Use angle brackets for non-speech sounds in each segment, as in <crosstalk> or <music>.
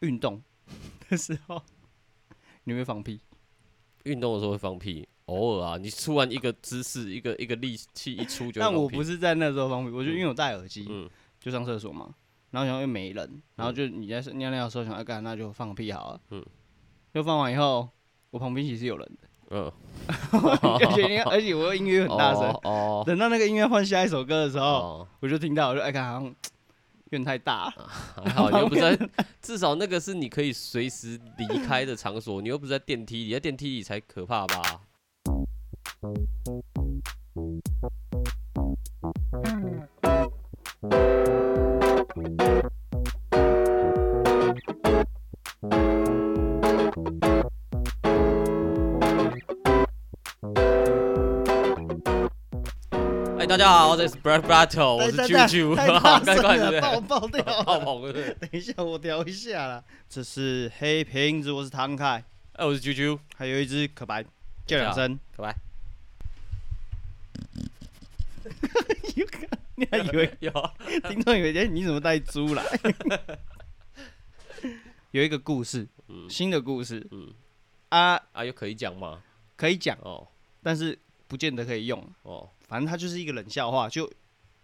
運動的時候，你會放屁？運動的時候會放屁，偶爾啊。你出完一個姿勢， <laughs> 一個一個力氣一出，就會放屁，但我不是在那時候放屁，我就因為我戴耳機，嗯，就上廁所嘛，然後然後又沒人，然後就你在尿尿的時候想要幹，那就放屁好了，嗯。就放完以後，我旁邊其實有人的，嗯。 <laughs> 而且而且我音樂很大聲哦，哦。等到那個音樂換下一首歌的時候，哦、我就聽到，我就哎，幹好像。變太大，啊，好，好，你又不在， <laughs> 至少那個是你可以隨時離開的場所，你又不是在電梯裡，在電梯裡才可怕吧？嗯嗯。大家好，oh, okay. Br Bratto, 我是 Black Battle，我抱 <laughs> 抱抱是啾啾、爆爆掉，等一下我調一下啦。這是黑瓶子，我是湯凱，哎、啊，我是啾啾，還有一隻可、可白，叫兩聲可白。你還以為 <laughs> 有？ <laughs> 聽眾以為你怎麼帶豬來？ <laughs> 有一個故事、嗯，新的故事，嗯啊啊，又、啊、可以講嗎？可以講哦，但是不見得可以用哦。反正他就是一個，冷笑話，就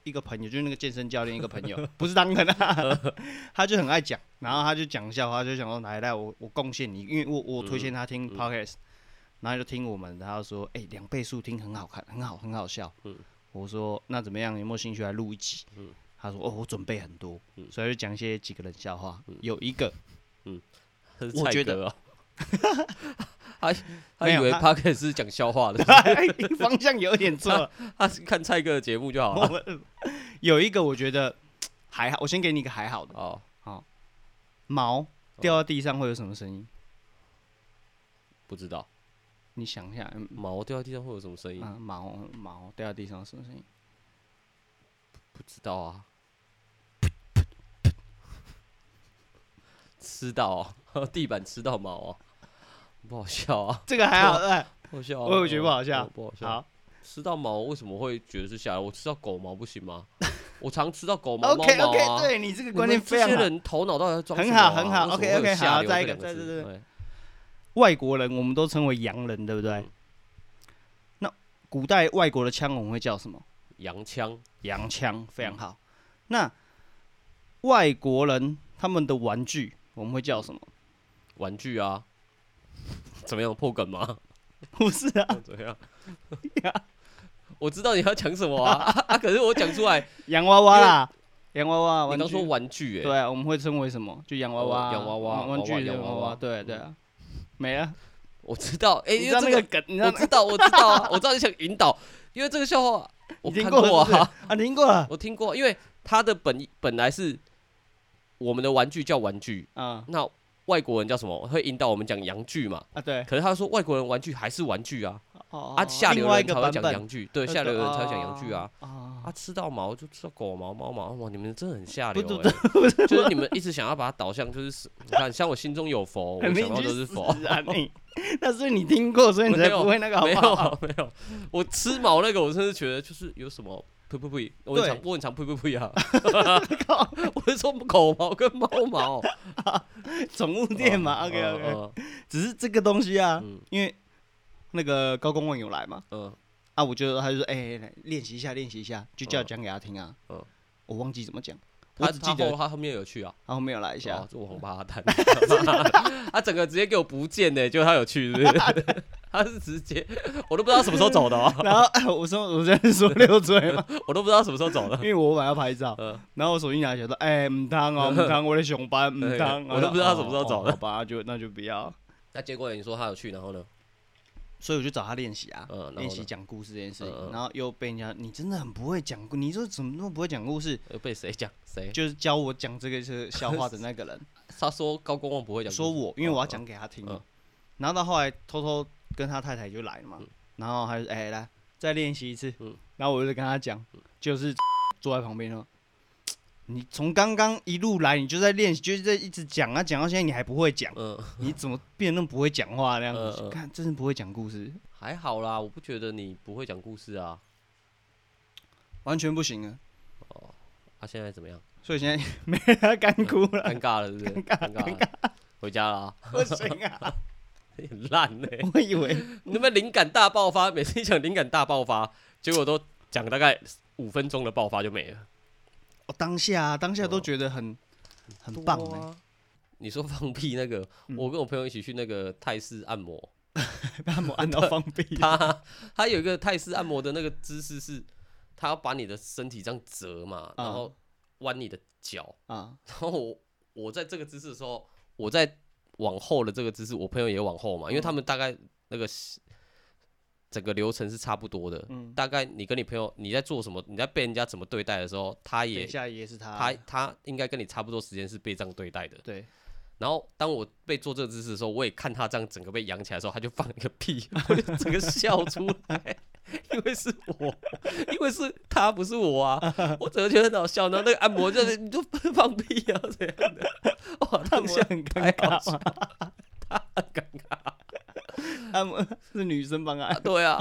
一個朋友，就是那個健身教練一個朋友，不是當的、啊、 <laughs> <laughs> 他就很愛講，然後他就講笑話，他就想說，來來，我我貢獻你，因為我我推薦他聽 podcast，、嗯嗯、然後就聽我們，然後說，哎兩、欸、倍速聽很好看，很好很好笑。嗯，我說那怎麼樣，你有沒有興趣來錄一集？嗯，他說哦我準備很多，所以他就講一些幾個冷笑話，有一個嗯，嗯、啊，我覺得。 <laughs> 他，他以為帕克是講笑話的， <laughs> 方向有點錯。 <laughs> 他是看蔡哥的節目就好了。了。有一個我覺得還好，我先給你一個還好的哦好，毛掉在地上會有什麼聲音、哦？不知道？你想一下，毛掉在地上會有什麼聲音？啊、毛毛掉在地上什麼聲音？不知道啊？ <laughs> 吃到、喔、地板吃到毛啊、喔？不好，啊、好不好笑啊？這個還好哎，好笑，我有，有覺得不好笑，不好笑。好，吃到毛我為什麼會覺得是下流？我吃到狗毛不行嗎？ <laughs> 我常吃到狗毛、貓毛啊、o、okay, 啊、k okay, OK，對你這個觀念非常。這些人頭腦都要裝死。很好很好，OK OK，好，再一個，再一個，對，對，對。外國人我們都稱為洋人，對不對？嗯、那古代外國的槍我們會叫什麼？洋槍，洋槍，非常好。那外國人他們的玩具我們會叫什麼？嗯、玩具啊。怎麼樣？破梗嗎？不是啊、哦，怎麼樣？ <laughs> 我知道你要講什麼啊 <laughs> 啊，啊！可是我講出來，洋娃娃啦，洋娃娃玩具，你說玩具、欸，哎，對啊，我們會稱為什麼？就洋娃娃、啊喔，洋娃娃玩具，洋娃娃。對對啊，沒了。我知道，哎、欸，因為這個，你知道那個梗，你知道那個我知道，我知道、啊， <laughs> 我知道你想引導，因為這個笑話你聽過了是不是？我聽過啊，啊，你聽過，我聽過，因為它的本本來是我們的玩具叫玩具啊、嗯，那。外國人叫什麼？會引導我們講陽具嘛？啊，對。可是他說外國人玩具還是玩具啊，哦、啊，下流人才會講陽具，對，下流人才講陽具啊、哦、啊，啊，啊，吃到毛就吃到狗毛、貓毛，哇，你們真的很下流、欸，就是你們一直想要把它導向，就是 <laughs> 你看，像我心中有佛， <laughs> 我什麼都是佛命啊，那 <laughs> <laughs> 是你聽過，所以你才不會那個好好，沒有、沒有、啊，沒有，我吃毛那個，我真的覺得就是有什麼。呸呸呸！我就想問一下，呸呸呸啊！ <laughs> <laughs> <laughs> 我是說，狗毛跟貓毛，寵、 <laughs> 啊、物店嘛，OK OK。Uh, uh, uh. 只是這個東西啊，嗯、因為那個高工網友來嘛，uh. 啊，我就他就說，哎、欸，練習一下，練習一下，就叫講給他聽啊。Uh. 我忘記怎麼講。他只記得他後，他後面有去啊，他後面有來一下。做、哦、我紅巴旦， <laughs> <laughs> 他整個直接給我不見呢、欸，就他有去， <laughs> <laughs> 他是直接，我都不知道他什麼時候走的。然後我說，我現在說六歲嘛，我都不知道什麼時候走的，因為我晚上拍照。然後我手心癢癢寫說：“唔當哦，唔當，我的熊班，唔當，我都不知道他什麼時候走的、喔。”好吧，就那就不要。那結果你說他有去，然後呢？所以我就找他練習啊，練習講故事這件事情，然後又被人家，你真的很不會講，故，你說怎麼那麼不會講故事。又被誰講？誰？就是教我講這個是笑話的那個人。他說高公公不會講，說我，因為我要講給他聽。然後到後來偷偷跟他太太就來了嘛，然後還是哎來再練習一次。然後我就跟他講，就是坐在旁邊嘍。你從剛剛一路來，你就在練習，就是在一直講啊講到現在，你還不會講、呃，你怎麼變那麼不會講話那樣子？看、呃呃，真是不會講故事。還好啦，我不覺得你不會講故事啊，完全不行啊。哦，他現在怎麼樣？所以現在沒他乾枯了，尷、啊、尬了是不是？尷尬，了尬，了尬，了尬了，回家啦。不行啊，爛 <laughs> 呢、欸。我以為你 <laughs> 那邊靈感大爆發？每次一講靈感大爆發，結果都講大概五分鐘的爆發就沒了。我、哦、當下、啊，當下都覺得很、哦、很棒、欸。你說放屁那個、嗯，我跟我朋友一起去那個泰式按摩， <laughs> 按摩按到放屁。他他有一個泰式按摩的那個姿勢是，他要把你的身體這樣折嘛，嗯、然後彎你的腳、嗯、然後我我在這個姿勢的時候，我在往後的這個姿勢，我朋友也往後嘛，因為他們大概那個、嗯整個流程是差不多的，嗯，大概你跟你朋友你在做什麼，你在被人家怎麼對待的時候，他也，也是他，他，他應該跟你差不多時間是被這樣對待的。對。然後當我被做這個姿勢的時候，我也看他這樣整個被揚起來的時候，他就放一個屁，我就整個笑出來， <laughs> 因為是我，因為是他不是我啊， <laughs> 我整個覺得很搞笑。然後那個按摩就是 <laughs> 你就放屁啊這樣的，哇，當時 <laughs> 很尷尬，他很尷尬。他、啊、們是女生幫啊，啊？對啊，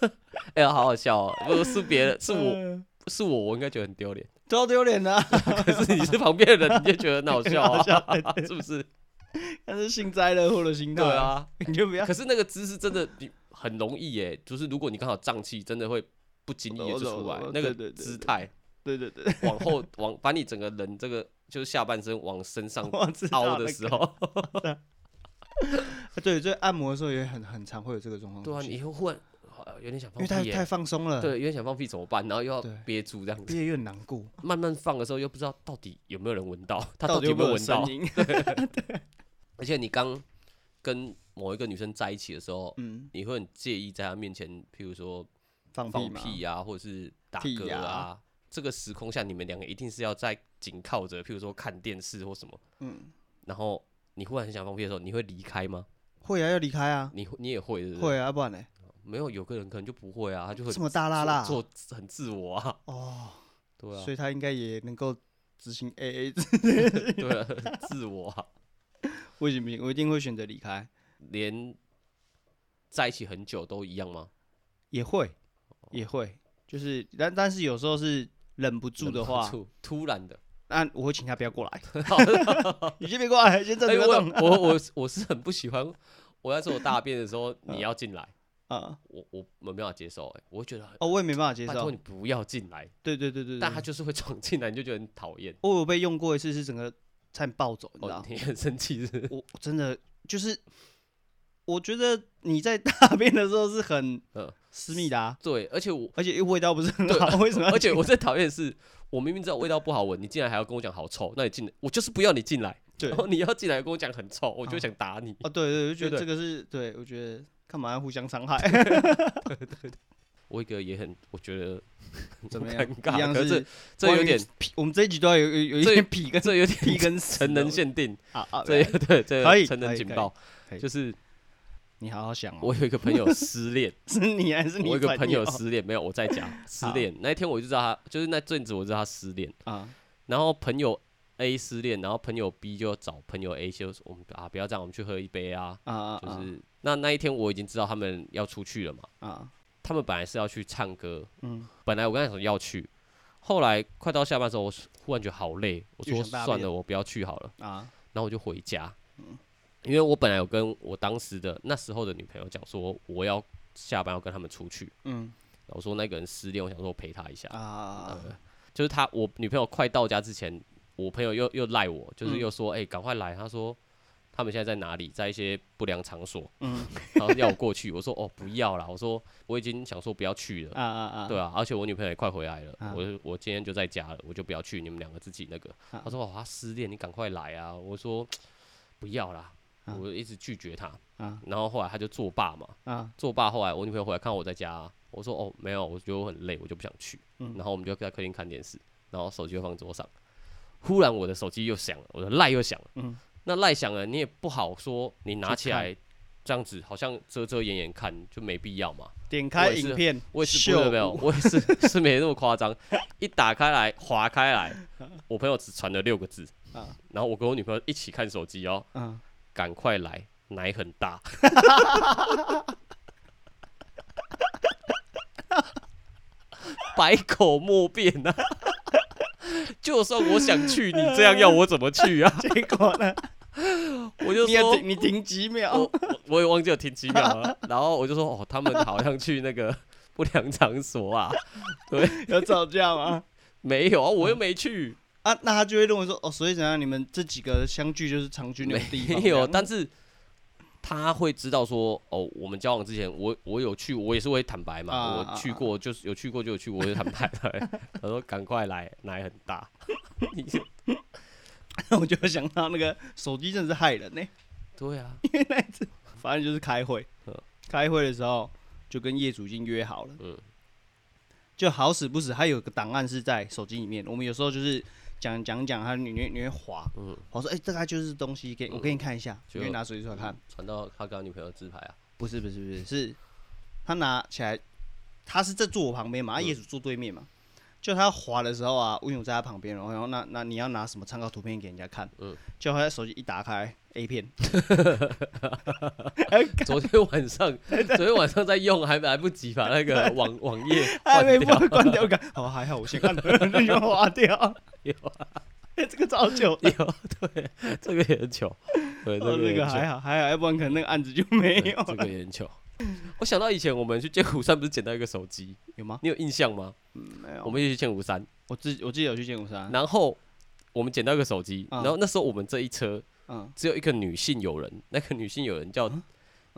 哎、欸、呀，好好笑哦，喔！不 <laughs> 是別人，是我，是我，我應該覺得很丟臉，超丟臉啊， <laughs> 可是你是旁邊的人， <laughs> 你就覺得很好笑啊，笑，對對對，是不是？那是幸災樂禍的心態。啊，你就不要。可是那個姿勢真的，你很容易耶，欸。就是如果你剛好脹氣，真的會不經意的出來，我懂我懂我懂我懂。那個姿態，對對對，往後往把你整個人這個就是下半身往身上凹，那個、的時候。 <laughs> <laughs> 對，所以按摩的時候也很很常會有這個狀況。對啊，你會忽然有點想、放屁，欸，因為他太放鬆了，對，有點想放屁怎麼辦？然後又要憋住，這樣憋越難過。慢慢放的時候又不知道到底有沒有人聞到，他到底有沒有聲音 <laughs> 對？而且你剛跟某一個女生在一起的時候、嗯，你會很介意在她面前，譬如說放屁、啊、放屁啊，或者是打嗝啊，啊。這個時空下，你們兩個一定是要在緊靠着，譬如說看電視或什麼，嗯，然後。你忽然很想放屁的時候，你會離開嗎？會啊，要離開啊。你你也會是是。會啊，不然呢？沒有，有個人可能就不會啊，他就會什麼大剌剌，做，做很自我啊。哦，對啊。所以他應該也能夠執行 AA <laughs> <laughs> 對啊，很自我啊。為什麼？我一定會選擇離開。連在一起很久都一樣嗎？也會，也會，就是但但是有時候是忍不住的話，突然的。啊！我會請他不要過來。 <laughs> 好 <laughs> 你先別過來，先在這、欸、我 <laughs> 我我是很不喜歡，我要做我大便的時候、嗯、你要進來啊、嗯！我我沒辦法接受，哎，我覺得哦，我也沒辦法接受。拜託你不要進來！對，對對對對，但他就是會闖進來，你就覺得很討厭。我有被用過一次，是整個餐暴走，你知道？哦、很生氣是，是？我真的就是，我覺得你在大便的時候是很呃、嗯、私密的、啊、對，而且我而且又味道不是很好，為什麼？而且我最討厭的是。我明明知道味道不好聞，你竟然還要跟我講好臭，那你進來，我就是不要你進來。對，然後你要進來跟我講很臭，我就想打你啊，啊！對對，對，對，對，對，對、這個、對，我覺得這個是對，我覺得幹嘛要互相傷害？對， <laughs> 對對對，威哥也很，我覺得怎麼樣很尷尬樣，可是這，這有點，我們這一局都要有有有，有一點痞跟，跟這有點痞跟成人限定 <laughs> 啊啊，對對對，這個、成人警報，就是。你好好想，哦、我有一個朋友失戀， <laughs> 是你還是你？我有一個朋友失戀，沒有，我在講失戀。 <laughs> 那一天我就知道他，就是那陣子我知道他失戀，啊、然後朋友 A 失戀，然後朋友 B 就找朋友 A 就說：“我們啊，不要這樣，我們去喝一杯啊。”啊啊啊，啊就是那那一天我已經知道他們要出去了嘛。啊、他們本來是要去唱歌，嗯、本來我剛才說要去，後來快到下班的時候，我忽然覺得好累，我說算了，我不要去好了啊。然後我就回家，嗯因為我本來有跟我當時的那時候的女朋友講說，我要下班要跟他們出去。嗯，我說那個人失戀，我想說我陪他一下啊、嗯。就是他，我女朋友快到家之前，我朋友又又賴我，就是又說，哎、嗯，欸、趕快來！他說他們現在在哪裡？在一些不良場所。嗯，然 <laughs> 後要我過去。我說哦，不要啦。我說我已經想說不要去了。啊啊啊！對啊，而且我女朋友也快回來了。啊、我我今天就在家了，我就不要去。你們兩個自己那個。啊、他說哇，哦、他失戀，你趕快來啊！我說不要啦。我一直拒絕他、啊，然後後來他就作罷嘛，啊、作罷。後來我女朋友回來看我在家、啊，我說哦，沒有，我覺得我很累，我就不想去。嗯、然後我們就在客廳看電視，然後手機又放桌上。忽然我的手機又響了，我的賴又響了。嗯、那賴響了，你也不好說，你拿起來這，這樣子好像遮遮掩掩，掩看就沒必要嘛。點開影片，我也是秀沒有，我也是是沒那麼誇張。 <laughs> 一打開來，滑開來， <laughs> 我朋友只傳了六個字、啊，然後我跟我女朋友一起看手機哦，嗯、啊。趕快來，奶很大， <laughs> <laughs> <laughs> 百口莫辯啊。 <laughs> 就算我想去，你這樣要我怎麼去啊？結果呢？我就說你，你停幾秒， <laughs> 我，我，我也忘記了停幾秒了。 <laughs> 然後我就說哦，他們好像去那個不良場所啊， <laughs> 對，要吵架嗎？沒有啊，我又沒去。啊，那他就會認為說，哦，所以怎樣？你們這幾個相聚就是常去那種地方。沒有，但是他會知道說，哦，我們交往之前，我我有去，我也是會坦白嘛，啊啊啊啊啊我去過，就是有去過就有去，我也會坦白。 <laughs> <laughs> 他說：“趕快來，奶很大。 <laughs> ” <laughs> <laughs> 我就想到那個手機真的是害人呢、欸。對啊，因為那一次反正就是開會，開會的時候就跟業主已經約好了，嗯、就好死不死，還有個檔案是在手機裡面。我們有時候就是。講講講，他你你會你會滑，嗯，我說哎、欸，這個就是東西，給我給你看一下，給、嗯、你拿手機出來看，傳到他跟他女朋友的自拍啊？不是不是不是，是，是他拿起來，他是在住我旁邊嘛，嗯、他業主住，住對面嘛，就他滑的時候啊，我有在他旁邊，然後然後那那你要拿什麼參考圖片給人家看？嗯，就他在手機一打開 A 片， <laughs> <laughs> 昨天晚上對對對昨天晚上在用，還來不及把那個網 <laughs> 網頁還沒關關掉，好還好我先看了，那先劃掉。有啊、欸，這個早就有，對，這個也很巧， <laughs> 對、這個哦，這個還好，還好，要不然可能那個案子就沒有。這個也很巧， <laughs> 我想到以前我們去劍湖山不是撿到一個手機，有嗎？你有印象嗎？嗯、沒有。我們也去劍湖山，我自己我自己有去劍湖山，然後我們撿到一個手機、嗯，然後那時候我們這一車，嗯、只有一個女性友人，那個女性友人叫、嗯、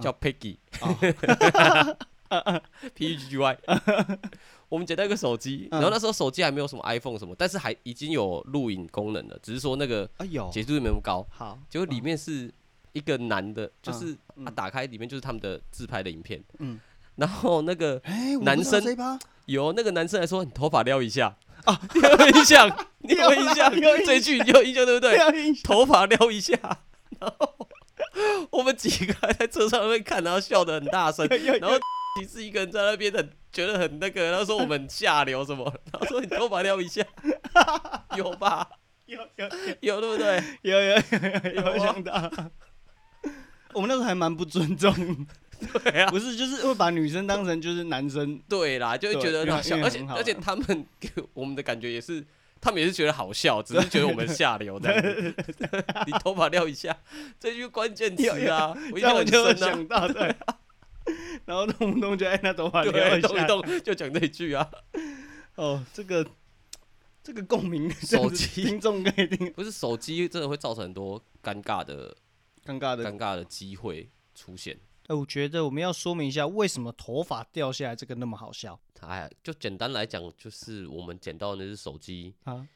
叫 Peggy。嗯哦 <laughs> <laughs> 啊啊、P G G Y， <laughs> 我們撿到一個手機，然後那時候手機還沒有什麼 iPhone 什麼，嗯、但是還已經有錄影功能了，只是說那個有有、哎呦，結束率沒那麼高，好，結果裡面是一個男的，就是他、嗯啊、打開裡面就是他們的自拍的影片，嗯，然後那個男生、欸、有那個男生來說，你頭髮撩一下，啊，撩一下，撩一下，最具你有印象,你有印象, <laughs> 你有印象對不對？ <laughs> 頭髮撩一下，然後我們幾個還在車上面看，然後笑得很大聲， <laughs> 然後。其實一個人在那邊很覺得很那個，他說我們下流什麼？他 <laughs> 說你頭髮撩一下， <laughs> 有吧？有有有，對不對？有有有有、啊、想到。我們那時候還蠻不尊重，對呀、啊，不是就是會把女生當成就是男生，對啦，就會覺得好笑，而且、啊、而且他們給我們的感覺也是，他們也是覺得好笑，只是覺得我們下流的。對對對對 <laughs> 你頭髮撩一下，這就關鍵點啊，我下、啊、我就想到。對。然後動不動就按、哎、那頭髮很對，動一動就講這句啊！ <laughs> 哦，這個這個共鳴，手機聽眾一定不是手機，真的會造成很多尷尬的尷尬的尷尬的機會出現。哎、欸，我覺得我們要說明一下，為什麼頭髮掉下來這個那麼好笑？哎，就簡單來講，就是我們撿到的那只手機啊，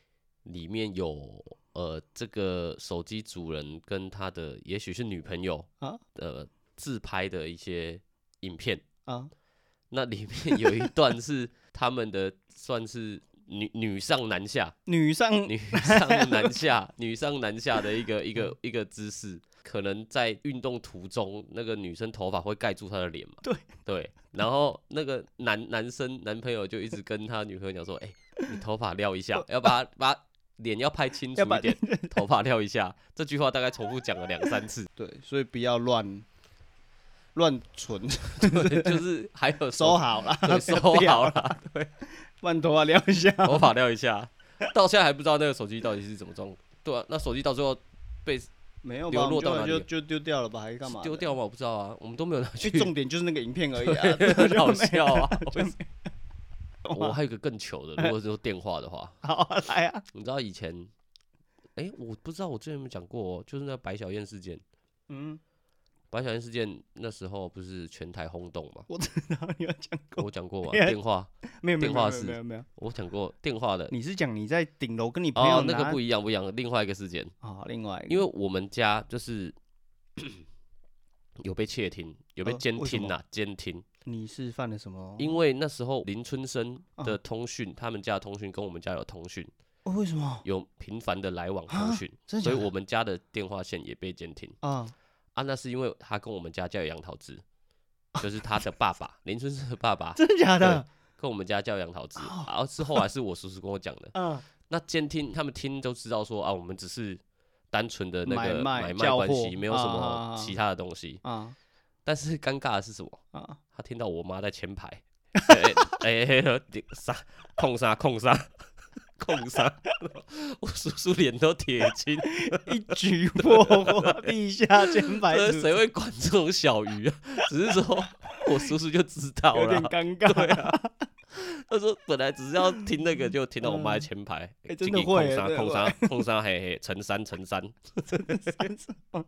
裡面有呃，這個手機主人跟他的也許是女朋友的啊的、呃、自拍的一些。影片啊，那裡面有一段是他們的，算是女女上男下，女上女上男下，女上男下的一個一個、嗯、一個姿勢，可能在運動途中，那個女生頭髮會蓋住她的臉嘛？對對。然後那個男男生男朋友就一直跟他女朋友講說：“哎、 <laughs> 欸，你頭髮撩一下，要把、啊、把臉要拍清楚一點， <laughs> 頭髮撩一下。”這句話大概重複講了兩三次。對，所以不要亂。亂存， <laughs> 就，是笑就是還有收好了，收好啦掉掉了啦對、 <laughs> 啊，對，亂頭髮撩一下，頭髮撩一下 <laughs> ，到現在還不知道那個手機到底是怎麼裝， <laughs> 對啊，那手機到最後被沒有丟掉了就就丟掉了吧，還幹嘛、啊？丟掉嘛，我不知道啊，我們都沒有拿去、欸。重點就是那個影片而已啊，很 <laughs> 對 <laughs> 好笑啊。我，我還有一個更糗的， <laughs> 如果是說電話的話， <laughs> 啊、你知道以前，哎、欸，我不知道我之前有沒有講過，就是那個白小燕事件，嗯。白小燕事件那時候不是全台轟動嗎？我 <laughs> 講過，我講過、啊、電話， <laughs> 電話，沒有沒電話是沒有沒有，我講過電話的。你是講你在頂樓跟你朋友？哦，那個不一樣，不一樣，另外一個事件。哦，另外，因為我們家就是 <coughs> 有被竊聽，有被監聽啊，監聽、呃。你是犯了什麼？因為那時候林春生的通訊、啊，他們家的通訊跟我們家有通訊、哦。為什麼有頻繁的來往通訊、啊？真的假的？所以我們家的電話線也被監聽啊。啊、那是因為他跟我們家叫楊桃汁，就是他的爸爸 <laughs> 林春生的爸爸，真的假的、嗯？跟我們家叫楊桃汁， <laughs> 然後是後來是我叔叔跟我講的。嗯， <laughs> <laughs> 那監聽他們聽都知道說啊，我們只是單純的那個買賣關係，沒有什麼、哦、 <laughs> 其他的東西。啊， <laughs> 但是尷尬的是什麼？啊， <laughs> 他聽到我媽在前排，哎，殺，控殺殺，控殺。 <laughs> 控 <laughs> 山 <laughs> 我叔叔臉都鐵青，一舉破臥地下前排誰會管這種小魚啊？只是說，我叔叔就知道了。有點尷尬。對啊， <laughs> 他說本來只是要聽那個，就聽到我媽前排，嗯，欸、真的會碰 <laughs> 控山控山嘿嘿，成山成山，成山成山。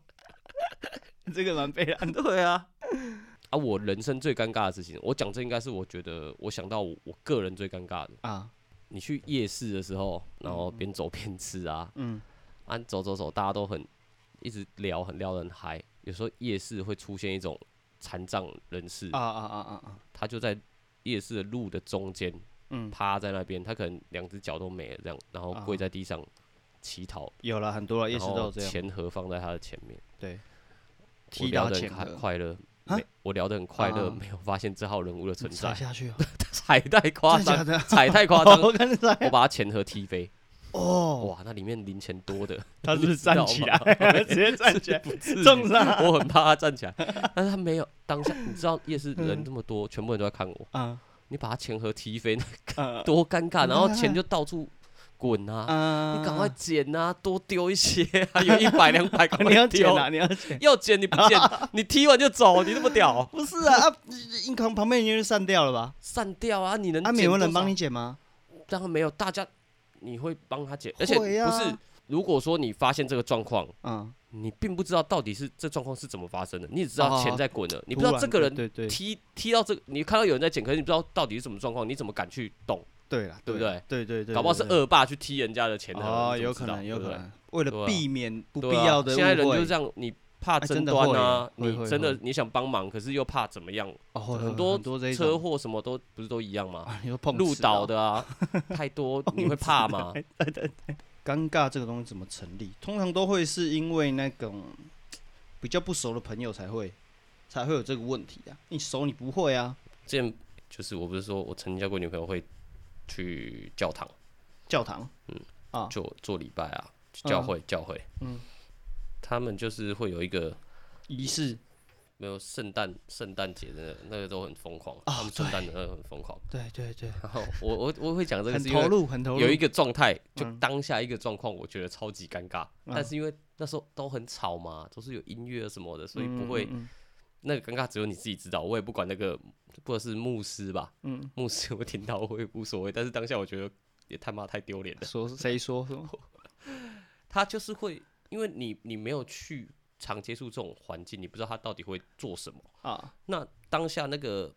這個蠻悲涼。對啊 <laughs> ，啊，我人生最尷尬的事情，我講這應該是我覺得我想到我我個人最尷尬的啊。你去夜市的時候，然後邊走邊吃啊嗯，嗯，啊，走走走，大家都很一直聊，很聊得很嗨。有時候夜市會出現一種殘障人士啊，啊啊啊啊啊，他就在夜市的路的中間，嗯，趴在那邊，他可能兩隻腳都沒了這樣，然後跪在地上乞討，啊啊，有了很多人，夜市都有這樣，錢盒放在他的前面，對，提著錢盒很快樂。我聊得很快樂，啊，沒有發現這號人物的存在。踩， <laughs> 踩太誇張，踩太誇張。 <laughs> 誇張 <laughs> 我把他錢盒踢飛。Oh. 哇，那裡面零錢多的，oh. <laughs> 他是站起來， <laughs> 直接站起來，是不是？ <laughs> 我很怕他站起來， <laughs> 但是他沒有。當下你知道夜市人這麼多， <laughs> 全部人都在看我。 <laughs> 嗯、你把他錢盒踢飛，那個、多尷尬，然後錢就到處、 <laughs> 嗯。滾啊！嗯、你趕快撿啊！多丟一些，啊，還有一百兩百塊， <laughs> 你要撿啊！你要要撿你不撿， <laughs> 你踢完就走，你那麼屌？ <laughs> 不是啊，硬，啊、扛旁邊人就散掉了吧？散掉啊！你能？他沒有人幫你撿嗎？當然沒有，大家你會幫他撿，啊，而且不是，如果說你發現這個狀況，嗯，你並不知道到底是這狀、個、況是怎麼發生的，你只知道錢在滾了，啊，你不知道這個人踢對對對踢，踢到這個，你看到有人在撿，可是你不知道到底是什麼狀況，你怎麼敢去動？對了，對不對？對對對、對，搞不好是惡霸去踢人家的錢的、哦啊。哦，有可能，有可能。對對為了避免不必要的誤、啊、現在人就是這樣，你怕爭端啊，哎、真你真的，你，真的你想幫忙，可是又怕怎麼樣？哦，很多很多車禍什麼都不是都一樣嗎？又、啊、碰、啊、路倒的啊，太多， <laughs> 你會怕嗎？對對對，尷、哎哎哎哎、尬這個東西怎麼成立？通常都會是因為那種比較不熟的朋友才會才會有這個問題的、啊。你熟，你不會啊。這樣就是，我不是說我曾經交過女朋友會。去教堂，教堂，嗯，啊、就做做禮拜啊，去教會、嗯、教會，嗯，他們就是會有一個儀式，沒有聖誕聖誕節的那個都很瘋狂、哦、他們聖誕節很瘋狂，對對對。然後我我我會講這個是因為有一個狀態，就當下一個狀況，我覺得超級尷尬、嗯，但是因為那時候都很吵嘛，都是有音樂什麼的，所以不會。嗯嗯嗯那個尷尬只有你自己知道，我也不管那個，或者是牧師吧，嗯，牧師有沒有聽到我也無所謂，但是當下我覺得也太媽太丟臉了。說誰說？說 <laughs> 他就是會，因為你你沒有去常接觸這種環境，你不知道他到底會做什麼啊。那當下那個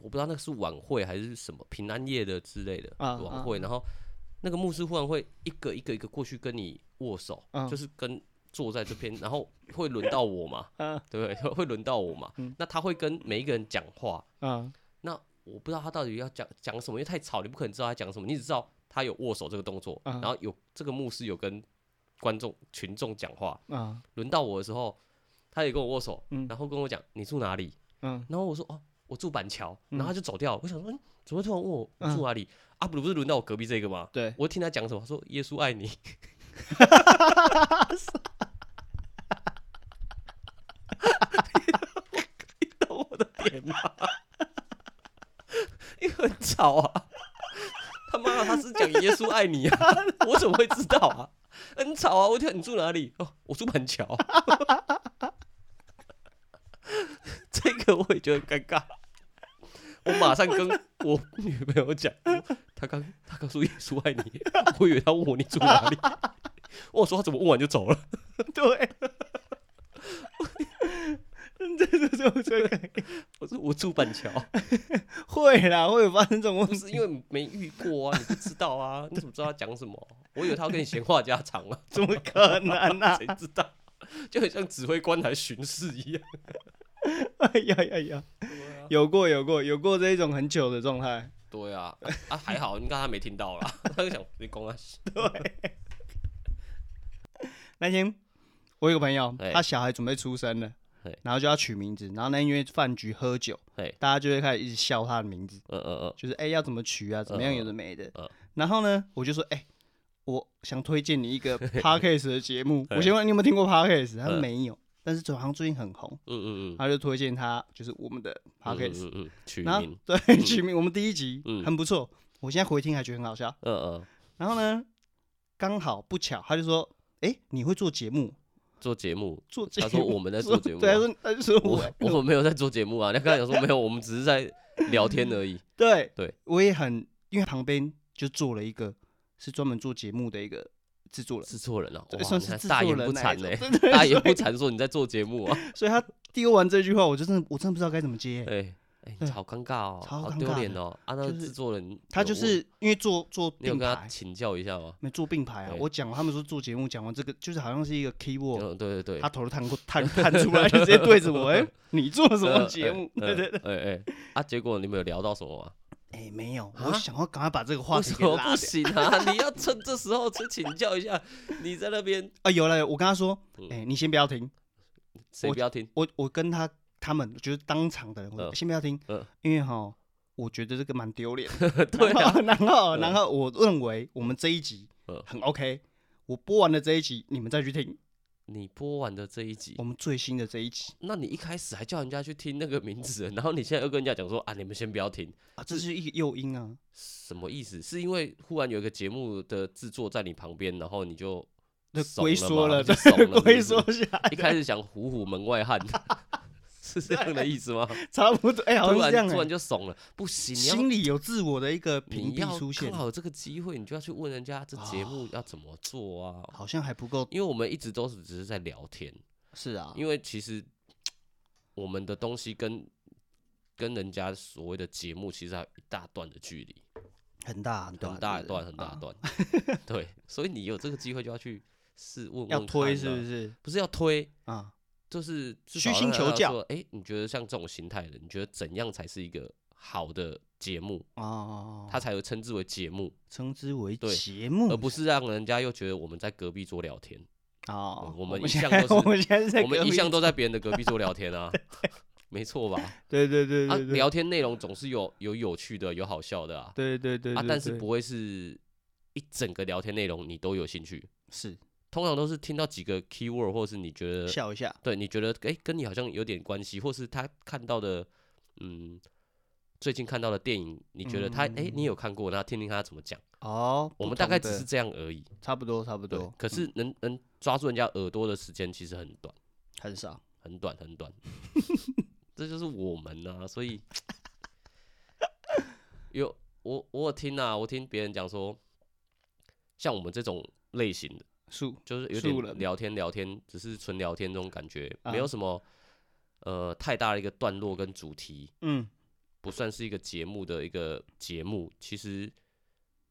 我不知道那個是晚會還是什麼平安夜的之類的、啊、晚會、啊，然後那個牧師忽然會一個一個一個過去跟你握手，啊、就是跟。 <laughs> 坐在這邊，然後會輪到我嘛？對 <laughs> 不、啊、對？會輪到我嘛、嗯？那他會跟每一個人講話。啊、嗯，那我不知道他到底要講講什麼，因為太吵，你不可能知道他講什麼。你只知道他有握手這個動作，嗯、然後有這個牧師有跟觀眾群眾講話。啊、嗯，輪到我的時候，他也跟我握手，嗯、然後跟我講你住哪裡？嗯、然後我說哦、啊，我住板橋、嗯，然後他就走掉了。我想說，嗯、怎麼突然問我、嗯、住哪裡？阿布魯不是輪到我隔壁這個嗎？對，我聽他講什麼？他說耶穌愛你。 <laughs> <laughs> 耶媽、啊！因為很吵啊！他媽媽、啊、他是講耶穌愛你啊！我怎麼會知道啊？很吵啊！我就你住哪裡？哦，我住板橋、啊。 <laughs> 這個我也覺得很尷尬。我馬上跟我女朋友講，他剛他告訴耶穌愛你，我以為他問我你住哪裡， <laughs> 我說他怎麼問完就走了？對。 <laughs> 這這這，我是我住板橋，會啦，會有發生這種東西，因為沒遇過啊，你不知道啊， <laughs> 你怎麼知道他講什麼？我以為他要跟你閒話家常啊，怎麼可能啊？誰 <laughs> 知道，就很像指揮官來巡視一樣。 <laughs> 哎呀呀呀，啊、有過有過有過這一種很糗的狀態。對啊，啊， <laughs> 啊還好，你剛才沒聽到啦， <laughs> 他就想別管。對，南 <laughs> 青， <laughs> 我有個朋友，他小孩準備出生了。然後就要取名字，然後那因為飯局喝酒，大家就會開始一直笑他的名字，呃呃、就是哎、欸、要怎麼取啊，怎麼樣有的沒的，呃呃、然後呢，我就說哎、欸，我想推薦你一個 podcast 的節目，呵呵呵，我先問你有沒有聽過 podcast？他說沒有，但是好像最近很紅，嗯嗯嗯，他就推薦，他就是我們的 podcast、嗯嗯嗯嗯、取名然後，對，取名，嗯、我們第一集、嗯、很不錯，我現在回聽還覺得很好笑，呃、然後呢，剛好不巧，他就說哎、欸、你會做節目？做節目，目，他說我們在做節目、啊，對，他說他就說我我，我說沒有在做節目啊，他 <laughs> 剛才有說沒有，我們只是在聊天而已。對對，我也很，因為旁邊就坐了一個是專門做節目的一個製作人，製作人哦、啊，我算是大言不慚、欸，大言不慚說你在做節目啊，所以，所以他丟完這句話，我就真的我真的不知道該怎麼接、欸。對好、欸、尷尬哦，尬好丟臉哦、就是！啊，那個製作人，他就是因為做做並排，你跟他請教一下嘛，沒做並排啊。欸、我講，他們說做節目，講完這個，就是好像是一個 key word，、欸、對對對。他頭都探過探探出來，就直接對着我、欸，哎， <laughs> 你做什麼節目、欸欸？對對對，哎、欸、哎、欸欸，啊，結果你們有聊到什麼嗎？哎、欸，沒有，我想要趕快把這個話題。不行啊？ <laughs> 你要趁這時候去請教一下，你在那邊、嗯、啊？有了，我跟他說，哎、欸，你先不要停，誰不要停。我我，我跟他。他們就是當場的人、呃、先不要聽，呃、因為哈，我覺得這個蠻丟臉。 <laughs> 對啊，然後，然後、呃，然後我認為我們這一集很 OK、呃。我播完了這一集，你們再去聽。你播完的這一集，我們最新的這一集。那你一開始還叫人家去聽那個名字，然後你現在又跟人家講說啊，你們先不要聽啊，這是一個誘因啊。什麼意思？是因為忽然有一個節目的制作在你旁邊，然後你就就龜縮了，了對，就龜縮下來了，一開始想唬唬門外漢。 <laughs> 是這樣的意思嗎？ <laughs> 差不多，哎、欸，好像這樣、欸，突，欸，突然就慫了，不行，心裡有自我的一個評價出現，好有這個機會，你就要去問人家這節目要怎麼做啊？哦、好像還不夠，因為我們一直都是只是在聊天，是啊，因為其實我們的東西跟跟人家所謂的節目其實還有一大段的距離，很大，很大一段，很大段，很大段，啊，對， <laughs> 所以你有這個機會就要去試問，問，要推是不是？不是要推啊？就是虛心求教，哎，你覺得像這種型態的，你覺得怎樣才是一個好的節目啊？他才會稱之為節目，稱之為節目，而不是讓人家又覺得我們在隔壁桌聊天。我們一向都是我們一向都在別人的隔壁桌聊天啊，沒錯吧？對對對對。啊，聊天內容總是有有有趣的，有好笑的啊。對對對。啊，但是不會是一整個聊天內容你都有興趣是。通常都是聽到幾個 keyword，或是你覺得笑一下，對你覺得哎、欸，跟你好像有點關係，或是他看到的，嗯，最近看到的電影，你覺得他哎、嗯嗯嗯欸，你有看過，那聽聽他怎麼講哦。我們大概只是這樣而已，差不多差不多。可是能、嗯、能抓住人家耳朵的時間其實很短，很少，很短很短。 <laughs> <laughs> 這就是我們啊，所以有我我有聽啊，我聽別人講說，像我們這種類型的。就是有點聊天聊天，只是純聊天這種感覺，沒有什麼、啊、呃太大的一個段落跟主題，嗯，不算是一個節目的一個節目，其實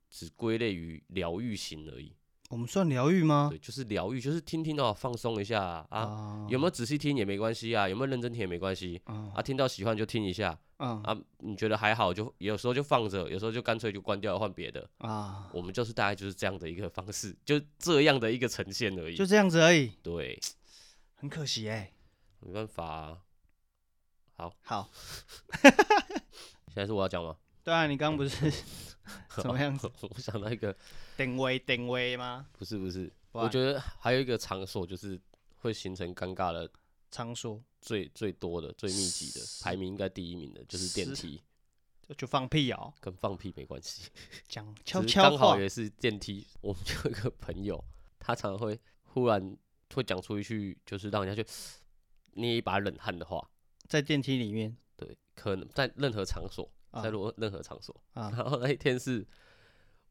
只歸類於療癒型而已。我們算療癒嗎？對，就是療癒，就是聽聽哦，放鬆一下啊。Uh... 有沒有仔細聽也沒關係啊，有沒有認真聽也沒關係、uh... 啊。聽到喜歡就聽一下、uh... 啊，你覺得還好，就有時候就放着，有時候就乾脆就關掉換別的啊。Uh... 我們就是大概就是這樣的一個方式，就這樣的一個呈現而已，就這樣子而已。對，很可惜哎、欸，沒辦法、啊。好，好， <laughs> 現在是我要講嗎？對啊，你剛不是怎 <laughs> 麼樣、啊、我想到一個定位定位嗎不是不是不，我覺得還有一個場所，就是會形成尷尬的場所最最多的最密集的排名應該第一名的就是電梯，是就，就放屁哦，跟放屁沒關係，講悄悄話剛好也是電梯。 <laughs> 我們有一個朋友，他常會忽然會講出一句就是讓人家去捏一把冷汗的話，在電梯裡面，對，可能在任何場所。在、啊、任何場所、啊，然後那一天是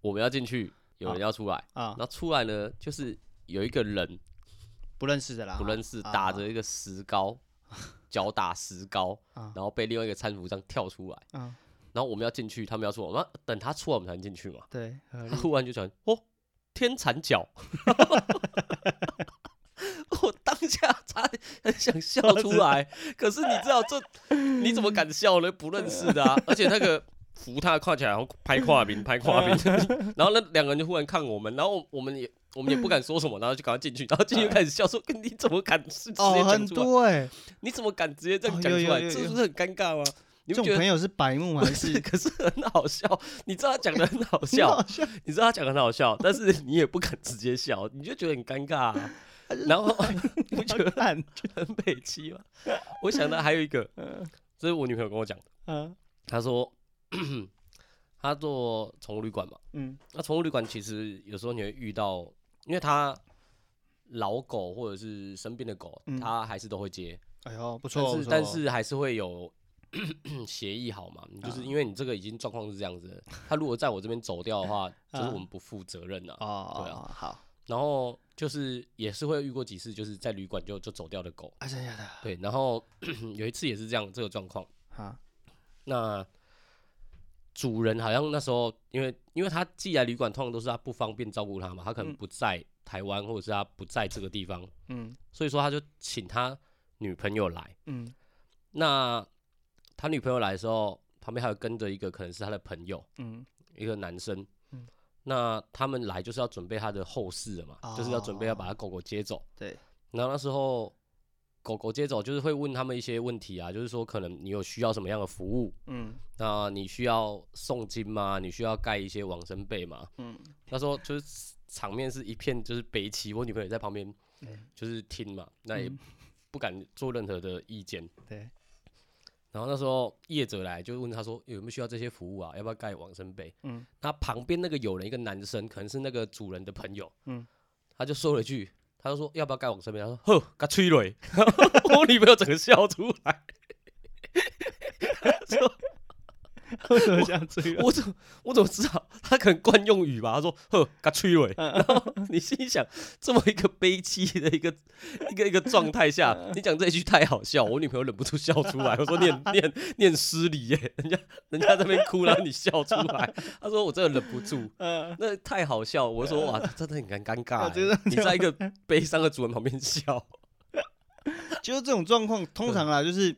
我們要進去，有人要出來那、啊啊、出來呢，就是有一個人不認識的啦，不認識，啊、打着一個石膏腳、啊、打石膏、啊，然後被另外一個攙扶這樣跳出來、啊。然後我們要進去，他們要出，我們等他出來我們才能進去嘛。對，他忽然就想，哦，天殘腳。 <laughs> <laughs> 差很想笑出來，可是你知道這你怎麼敢笑呢？不認識的、啊， <laughs> 而且那個扶他看起來後拍胯冰拍胯冰， <laughs> <laughs> 然後那兩個人就忽然看我們，然後我們也我們也不敢說什麼，然後就趕快進去，然後進去開始笑，哎，說你怎麼敢出來？哦，很多，欸，你怎麼敢直接這樣講出來？哦，有有有有有，這是不是很尷尬嗎？你們覺得朋友是白目嗎？是，可是很好笑，你知道他講的很， <laughs> 很好笑，你知道他講的很好笑， <laughs> 但是你也不敢直接笑，你就覺得很尷尬，啊。不然，然後 <laughs> 不覺得我爛，就很悲戚嘛。 <laughs> 我想到還有一個、嗯，這是我女朋友跟我講的、嗯，她。 <coughs> 她說、嗯、她做寵物旅館嘛。那寵物旅館其實有時候你會遇到，因為他老狗或者是生病的狗，他還是都會接。哎呦，不錯。但是還是會有協 <coughs> 議好嘛？就是因為你這個已經狀況是這樣子的，他如果在我這邊走掉的話，就是我們不負責任了。哦哦好。然後。就是也是會遇過幾次，就是在旅館就就走掉的狗。啊真的假的。對，然後 <coughs> 有一次也是這樣這個狀況哈。那主人好像那時候，因為因為他寄來旅館，通常都是他不方便照顧他嘛，他可能不在台灣、嗯，或者是他不在這個地方，嗯，所以說他就請他女朋友來，嗯，那他女朋友來的時候，旁邊還有跟着一個可能是他的朋友，嗯，一個男生。那他們來就是要準備他的後事了嘛，oh, 就是要準備要把他狗狗接走。對，那那時候狗狗接走，就是會問他們一些問題啊，就是說可能你有需要什麼樣的服務？嗯，那你需要誦經嗎？你需要蓋一些往生被嗎？嗯，他說就是場面是一片就是悲戚，我女朋友在旁邊，就是聽嘛，嗯，那也不敢做任何的意見。對。然後那時候業者來就問他說，有沒有需要這些服務啊，要不要蓋往生被？他旁邊那個友人一個男生，可能是那個主人的朋友，嗯，他就說了一句，他就說要不要蓋往生被？他說呵，他吹雷，我女朋友整個笑出來 <laughs> <laughs> 為什麼這樣，我怎麼我，我，我怎麼知道？他可能慣用語吧。他說：“呵，他虛偽。嗯嗯”然後你心想，這麼一個悲戚的一個，一個一個一個狀態下，你講這一句太好笑，我女朋友忍不住笑出來。我說念：“念念念失禮耶，人家人家在那邊哭了，然後你笑出來。”他說：“我真的忍不住，那太好笑。”我說：“哇，他真的很尷尷尬、欸啊、段段你在一個悲傷的主人旁邊笑，就是這種狀況，通常啊，就是。”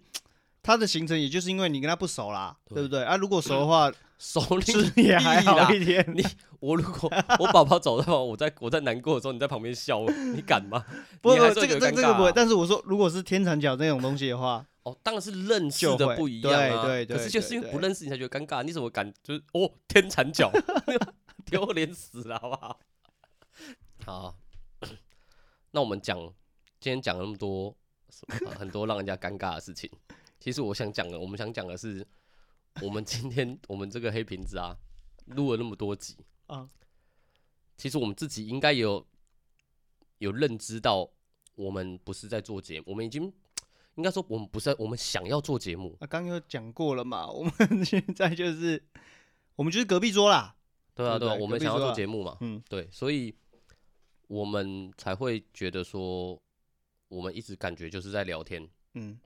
他的行程也就是因為你跟他不熟啦，對，對不對？啊，如果熟的話，嗯、熟你是也還好一點。 <laughs> 你我如果我爸爸走的話，我在我在難過的時候你在旁邊笑，你敢嗎？不不，不、啊，這個、這個、這個不會。但是我說，如果是天殘腳這種東西的話，哦，當然是認識的不一樣嘛、啊。對對對。對對對，是就是因為不認識你才覺得尷尬，你怎麼敢？就是哦，天殘腳，丟 <laughs> 臉 <laughs> 死了，好不好？ <laughs> 好。那我們講今天講那麼多麼、啊、很多讓人家尷尬的事情。其實我想講的，我們想講的是，我們今天 <laughs> 我們這個黑瓶子啊，錄了那麼多集，嗯啊，其實我們自己應該也有有認知到，我們不是在做節目，我們已經應該說我們不是我們想要做節目。那剛剛有講過了嘛，我們現在就是我們就是隔壁桌啦。對啊，對啊，我們想要做節目嘛，嗯，對，所以我們才會覺得說，我們一直感覺就是在聊天，嗯。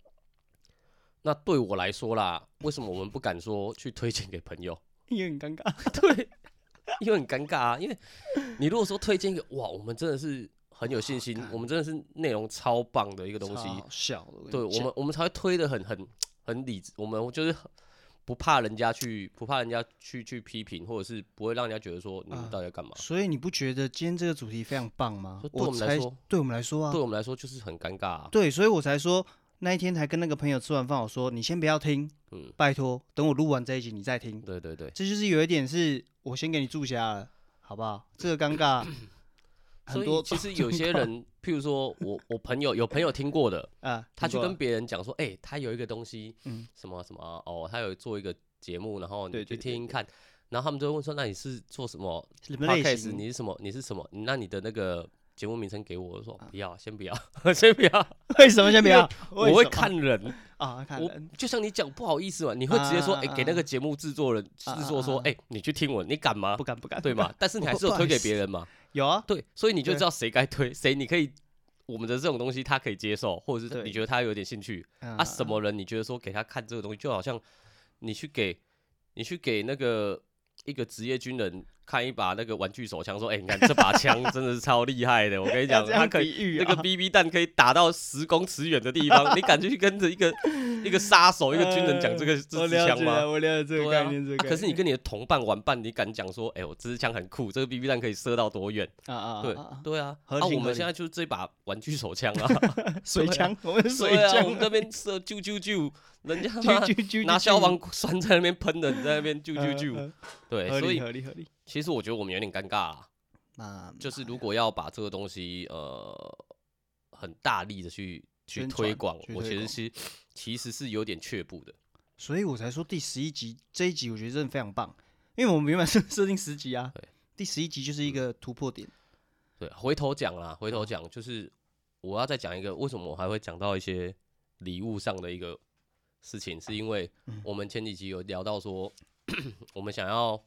那對我來說啦，為什麼我們不敢說去推薦給朋友？因 <laughs> 為很尷尬、啊， <laughs> 對，因為很尷尬啊。因為你如果說推薦一個哇，我們真的是很有信心，我們真的是內容超棒的一個東西。笑，對超我們我們才會推得很很很理智，我們就是不怕人家去，不怕人家去去批評，或者是不會讓人家覺得說你們到底要幹嘛、啊。所以你不覺得今天這個主題非常棒嗎？我，就對我們來說，對我們來說啊，對我們來說就是很尷尬、啊。對，所以我才說。那一天才跟那個朋友吃完飯，我說：“你先不要聽，嗯，拜托，等我錄完這一集你再聽。”對對對，這就是有一點是我先給你注下了，好不好？這個尷尬， <coughs> 很多寶寶。其實有些人， <laughs> 譬如說我我朋友有朋友聽過的啊，他去跟別人講說：“哎、欸，他有一個東西，嗯，什麼什麼哦，他有做一個節目，然後你去聽聽看。對對對對”然後他們就問說：“那你是做什麼？什麼類型？你是什麼？你是什麼？那你的那個？”節目名稱給我，說不要，先不要，啊， <laughs> 先不要。為什麼先不要？我會看人啊，我就像你講不好意思嘛，你會直接說，哎，給那個節目製作人製作說，哎，你去聽我，你敢嗎？不敢，不敢，對吧？但是你還是有推給別人嘛？有啊，對，所以你就知道誰該推誰。你可以我們的這種東西，他可以接受，或者是你覺得他有點興趣啊？什麼人你覺得說給他看這個東西，就好像你去給你去給那個一個職業軍人。看一把那個玩具手槍，說：“哎、欸，你看這把槍真的是超厲害的！ <laughs> 我跟你講、啊，它可以那個 BB 彈可以打到十公尺遠的地方。 <laughs> 你敢去跟着一個 <laughs> 一個殺殺手、 <laughs> 一個軍人講這個我了解了這支槍嗎？我了、了、啊、我了解這個概念、這個概念、啊啊。可是你跟你的同伴玩伴，你敢講說：哎、欸，我這支槍很酷，這個 BB 彈可以射到多遠？啊啊、啊、啊、啊啊，對對啊。那、啊、我們現在就這把玩具手槍啊， <laughs> 以啊 <laughs> 水槍。我們水槍、啊。水槍、啊。我們這邊射啾啾啾。人家拿 <laughs> 咻咻咻咻咻咻拿消防栓在那邊噴的，你在那邊咻咻咻，對，所以其實我覺得我們有點尷尬啦。那，就是如果要把這個東西呃很大力的去去推廣，我覺得是其實是其實是有點卻步的，所以我才說第十一集這一集我覺得真的非常棒，因為我們原本設設定十集啊，對第十一集就是一個突破點。對，回頭講啦，回頭講、嗯，就是我要再講一個為什麼我還會講到一些禮物上的一個。事情是因為我們前幾集有聊到說， <coughs> <coughs> 我們想要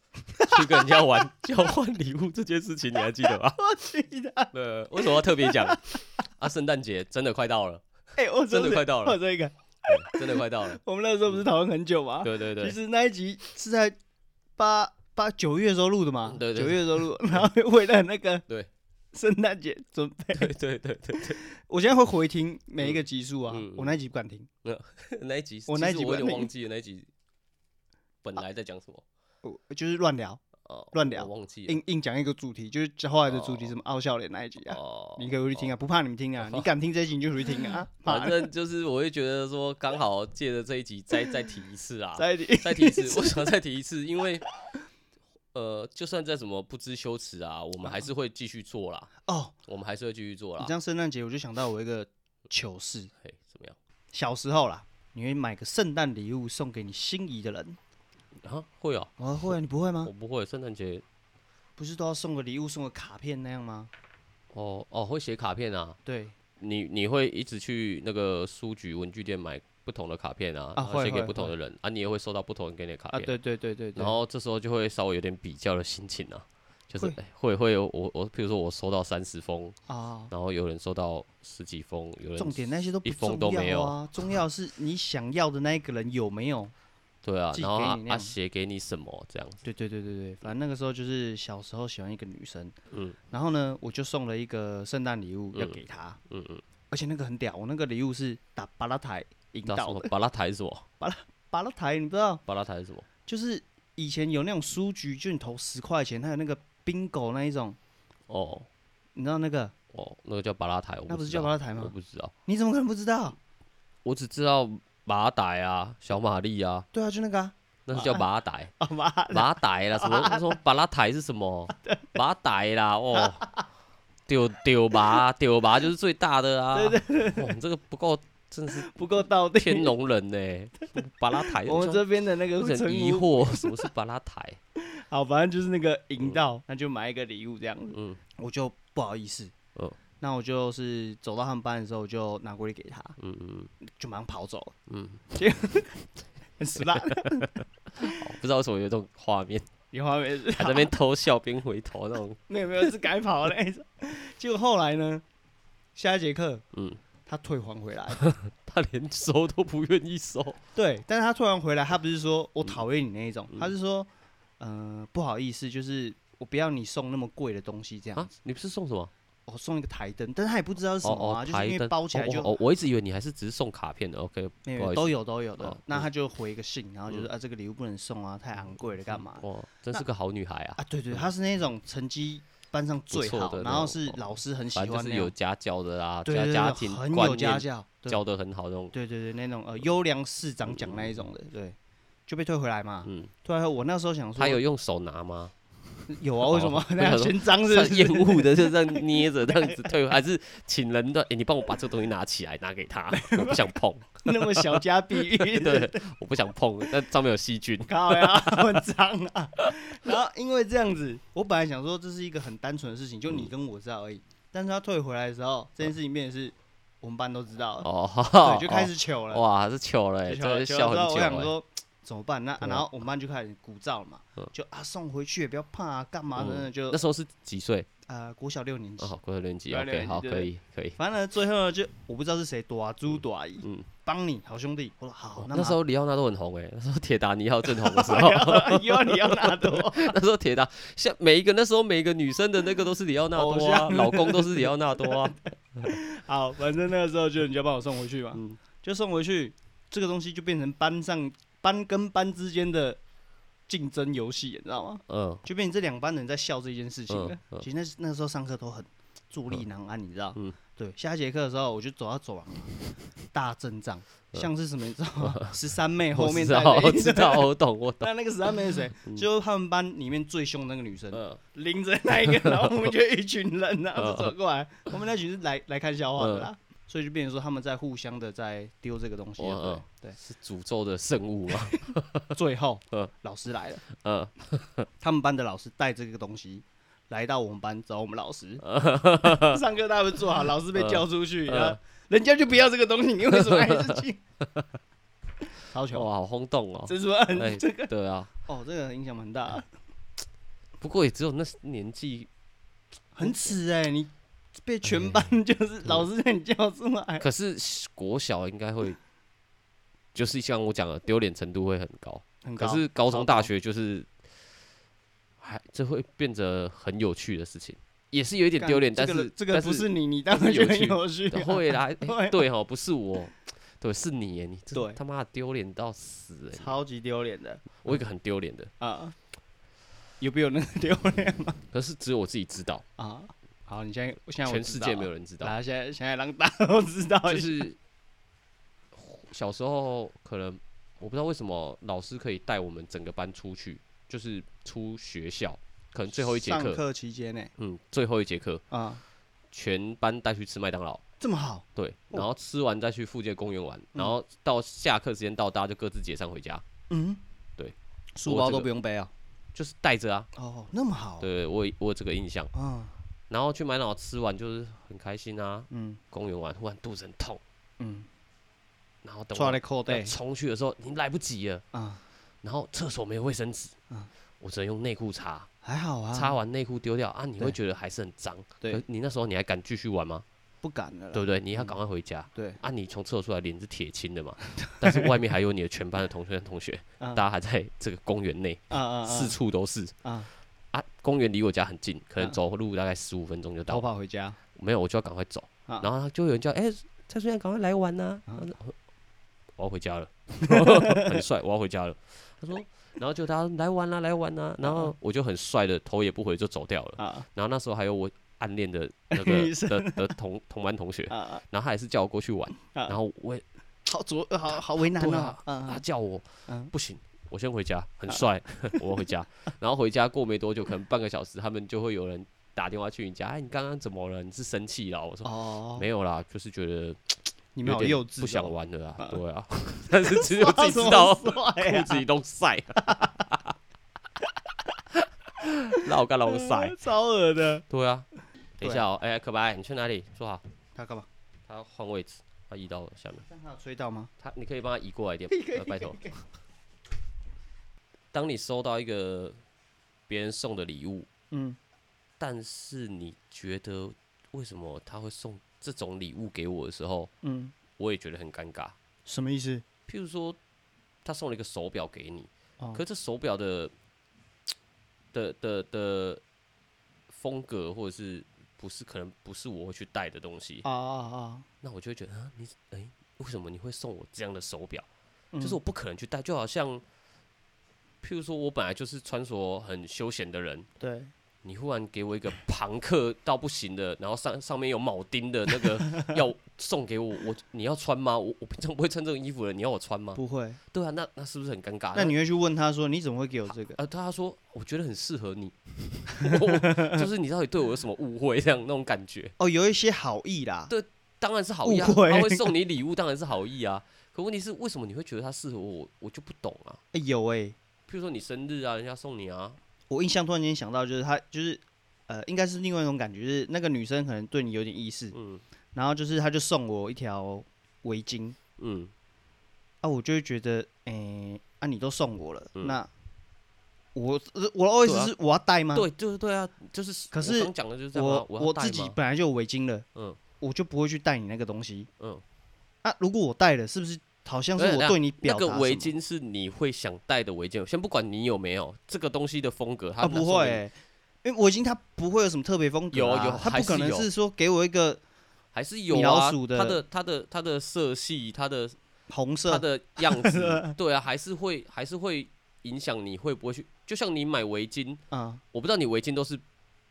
去跟人家玩交換禮物這件事情， <laughs> 你還記得嗎？記得。對，為什麼要特別講 <laughs> 啊？聖誕節真的快到了。哎、欸，我的真的快到了，這個 <laughs> 真的快到了。我們那個時候不是討論很久嗎、嗯？對對對。其實那一集是在八八九月時候錄的嘛。對對、對。九月時候錄，然後回到那個 <laughs> 對。聖誕節準備？對,對對對對我現在會回聽每一個集數啊、嗯。我那一集不敢聽，哪一集？我那一集啊啊啊就、哦、我有點忘記了，哪一集？本來在講什麼？不就是亂聊？哦，亂聊，忘記了。硬硬講一個主題，就是後來的主題、哦，什麼傲笑臉那一集啊、哦？你可,可以回去聽啊、哦，不怕你們聽啊、哦，你敢聽這一集你就回去聽啊,啊。反正就是我會覺得說，剛好借着這一集再再提一次啊， <laughs> 再再提一次，為什麼再提一次？ <laughs> 提一 <laughs> 因為。呃，就算再怎麼不知羞恥啊，我們還是會繼續做啦。哦、oh. oh.，我們還是會繼續做啦。你這樣聖誕節，我就想到我一個糗事。 <laughs> 嘿，怎麼樣？小時候啦，你會買個聖誕禮物送給你心儀的人？啊，會啊、喔、啊、哦、會、會。你不會嗎？我不會。聖誕節不是都要送個禮物、送個卡片那樣嗎？哦哦，會寫卡片啊？對。你你會一直去那個書局、文具店買？不同的卡片啊，啊然後寫給不同的人啊，啊，你也會收到不同人給你的卡片。啊，對對對對。然後這時候就會稍微有點比較的心情啊，就是會、欸、會、會，我我，譬如說我收到三十封啊，然後有人收到十幾封，有人一封，有重點那些都不重要啊，一封都沒有要，重要是你想要的那一個人有沒有？ <laughs> 對啊，然後他他寫給你什麼這樣子？對，對對對對對，反正那個時候就是小時候喜歡一個女生，嗯，然後呢，我就送了一個聖誕禮物要給她，嗯，嗯嗯，而且那個很屌，我那個禮物是打巴拉台。引導，巴拉台是什麼？巴拉巴拉台，巴拉巴拉台你不知道？巴拉台是什麼？就是以前有那種書局，就你投十塊錢，它有那個 Bingo 那一種。哦，你知道那個？哦，那個叫巴拉台我，那不是叫巴拉台嗎？我不知道，你怎麼可能不知道？只我只知道馬仔啊，小馬力啊。對啊，就那個啊，那是、個、叫馬仔、啊哦。馬馬仔啦，什麼？什麼巴拉台是什麼？ <laughs> 馬仔啦，哦，丟 <laughs> 丟到馬，丟 <laughs> 馬就是最大的啊。對對對哦，我們這個不夠。真的是不夠道地天龍人呢，欸，巴拉抬。我們這邊的那個那是很疑惑，什麼是巴拉抬？ <laughs> 好，反正就是那個引導，那、嗯、就買一個禮物這樣子。嗯，我就不好意思。嗯，那我就是走到他們班的時候，就拿過去給他。嗯嗯，就馬上跑走了。嗯， <laughs> <laughs> 很失敗辣。 <laughs> 不知道為什麼有這種畫面， <laughs> 有畫面他那邊偷笑邊回頭那種。沒有沒有，是改跑嘞。結果後來呢，下一節課，嗯。他退還回來， <laughs> 他連收都不願意收。 <laughs> 對，但是他退還回來，他不是說、嗯、我討厭你那一種、嗯，他是說，呃，不好意思，就是我不要你送那麼貴的東西這樣。啊，你不是送什麼？我、哦、送一個台燈，但他也不知道是什麼啊，哦哦、就是因為包起來就……我、哦哦哦、我一直以為你還是只是送卡片的，OK？沒有沒有都有都有的、哦。那他就回一個信，哦、然後就是、嗯、啊，這個禮物不能送啊，太昂貴了，幹嘛、嗯？哇，真是個好女孩啊！啊，對對，對，她是那種成績。嗯班上最好的，然後是老師很喜歡反正、哦、就是有家教的啦，對家、家庭對對對對很有家教，教的很好的那種。對對對，對，那種呃，優良市長獎那一種的，嗯、對，就被退回來嘛。嗯。退回來。我那時候想說。他有用手拿嗎？有啊，為什麼 <laughs> 那樣？嫌髒是厭惡的，就這樣捏着，這樣子退回還是請人的？哎、欸，你幫我把這個東西拿起來，拿給他，我不想碰。 <laughs> 那麼小家碧玉， <laughs> 對，我不想碰， <laughs> 但上面有細菌。靠呀，那麼髒啊！ <laughs> 然後因為這樣子，我本來想說這是一個很單純的事情，就你跟我知道而已、嗯。但是他退回來的時候，這件事情變成是我們班都知道了哦，對，就開始糗了。哦、哇，是糗了耶，就糗了笑到想說。怎麼辦？那、啊啊、然後我們班就開始鼓譟了嘛，就啊送回去，也不要怕啊，幹嘛呢？嗯、就那時候是幾歲？呃，國小六年級，哦、好國小年級國小六年級，OK，好，可對對對，可以，可以。反正呢，最後呢，就我不知道是誰，朵啊，豬、朵阿姨，嗯，幫、嗯、你好兄弟。我說好、哦那，那時候李奧納都很紅誒，那時候鐵達尼號正紅的時候，要李奧納多，那時候鐵達像每一個那時候每一個女生的那個都是李奧納多啊，老公都是李奧納多啊。 <laughs> <laughs> 好，反正那個時候就你就要幫我送回去嘛，嗯，就送回去，這個東西就變成班上。班跟班之間的競爭遊戲，你知道嗎？嗯、就變成這兩班人在笑這件事情。嗯嗯、其實那那時候上課都很坐立難安，你知道？嗯，對。下一節課的時候，我就走到走廊，大陣仗，像是什麼？你知道嗎、嗯？十三妹後面的。我知道，我懂，我懂。 <laughs> 但那個十三妹是誰、嗯？就是他們班裡面最凶的那個女生，嗯、拎着那一個，然後我們就一群人，然後就走過來。我、嗯、們、嗯、那群是來來看笑話的啦。嗯所以就變成說他們在互相的在丟這個東西、oh, uh, 對，對，是詛咒的聖物啊。 <laughs> 最後，uh, 老師來了，uh, uh, uh, 他們班的老師帶這個東西來到我們班找我們老師。Uh, uh, <laughs> 上課他們坐好，老師被叫出去，uh, uh, 人家就不要這個東西，你為什麼還自己？Uh, uh, 超糗！哇，好轟動哦，這是什麼案這個對啊，哦，這個影響蠻大、啊。 <laughs> 不過也只有那年紀很恥哎、欸，你。被全班、欸、就是老師你叫出來，可是國小應該會， <laughs> 就是像我講的丟臉程度會很高，可是高中大學就是，哎，這會變得很有趣的事情，也是有一點丟臉，但是這個，這個是不是你，你當然有很有趣。後來對哦。 <laughs> 啊欸、不是我， <laughs> 對，是你、欸，你真他媽的丟臉到死、欸，超級丟臉的，我一個很丟臉的啊、嗯，有沒有那麼丟臉，可是只有我自己知道啊。好，你現在現在我全世界沒有人知道。那、啊啊、現在現在讓大家都知道。就是小時候可能我不知道為什麼老師可以帶我們整個班出去，就是出學校，可能最後一節課課期間呢，嗯，最後一節課啊，全班帶去吃麥當勞，這麼好？對，然後吃完再去附近公園玩、嗯，然後到下課時間到，大家就各自解散回家。嗯，對，這個、書包都不用背啊，就是帶着啊。哦，那麼好、啊。對，我我有這個印象。嗯。啊然後去買腦吃完，就是很開心啊，嗯，公園玩，忽然肚子很痛，嗯，然後等我衝去的時候，你來不及了啊，然後廁所沒有衛生紙，嗯、啊，我只能用內褲擦，還好啊，擦完內褲丟掉啊，你會覺得還是很髒，對，你那時候你還敢繼續玩嗎？不敢的，對不對，對？你要趕快回家，嗯、對，啊，你從廁所出來臉是鐵青的嘛，但是外面還有你的全班的同學同學、啊，大家還在這個公園內，啊啊，四處都是啊。啊啊、公園離我家很近，可能走路大概十五分鐘就到了。了、啊、偷跑回家？沒有，我就要趕快走。啊、然後他就有人叫：“哎、欸，蔡書燕，趕快來玩啊，啊。我要回家了， <laughs> <laughs> 很帥，我要回家了。他說，然後就他來玩了、啊、來玩了、啊、然後我就很帥的頭也不回就走掉了、啊。然後那時候還有我暗戀的那個 <laughs> 的，的，的同同班同學、啊，然後他也是叫我過去玩。啊、然後我好左好好為難啊，啊啊啊他叫我、啊啊、不行。我先回家，很帥。啊、 <laughs> 我回家，然後回家過沒多久，可能半個小時，他們就會有人打電話去你家。哎，你剛剛怎麼了？你是生氣了？我說哦，沒有啦，就是覺得嘖嘖你們好、哦、有點幼稚，不想玩了啦。對啊，但是只有自己知道，自己、啊、都晒， <laughs> <laughs> 老干老晒，超惡的。對啊，等一下哦、喔，哎、欸，可白，你去哪裡？坐好。他幹嘛？他要換位置，他移到下面。他有吹到嗎他，你可以幫他移過來一點， <laughs> 拜托託。 <laughs> 當你收到一個別人送的禮物，嗯，但是你覺得為什麼他會送這種禮物給我的時候，嗯，我也覺得很尷尬。什麼意思？譬如說，他送了一個手錶給你，哦、可這手錶的的的的，的風格或者是不是可能不是我會去戴的東西，哦哦哦哦，那我就會覺得啊，你誒、欸，為什麼你會送我這樣的手錶，嗯？就是我不可能去戴，就好像。譬如說，我本來就是穿着很休閒的人，對，你忽然給我一個龐克到不行的，然後上上面有鉚釘的那個，要送給我，我你要穿嗎？我我平常不會穿這種衣服的，你要我穿嗎？不會。對啊，那那是不是很尷尬？那你會去問他說，你怎麼會給我這個？啊啊、他說，我覺得很適合你。 <laughs> 就是你到底對我有什麼誤會？這樣那種感覺？哦，有一些好意啦。對，當然是好意啊。啊。他會送你禮物，當然是好意啊。可問題是，為什麼你會覺得他適合我，我？我就不懂啊。欸、有誒、欸。譬如說你生日啊，人家送你啊，我印象突然間想到，就是他就是，呃，應該是另外一種感覺，就是那個女生可能對你有點意思，嗯，然後就是他就送我一條圍巾，嗯，啊，我就會覺得，哎、欸，啊，你都送我了，嗯、那我我的意思是我要戴嗎？對、啊，就是對，對啊，就是，剛剛就是，可是我我，我自己本來就有圍巾了，嗯，我就不會去戴你那個東西，嗯，那、啊、如果我戴了，是不是？好像是我對你表、嗯、那個圍巾是你會想戴的圍巾，先不管你有沒有這個東西的風格它，它、啊、不會、欸，因為圍巾它不會有什麼特別風格、啊，有有，還有，它不可能是說給我一個，還是有啊，的它的它的它的，它的色系，它的紅色，它的樣子， <laughs> 對啊，還是會還是會影響你會不會去，就像你買圍巾啊、嗯，我不知道你圍巾都是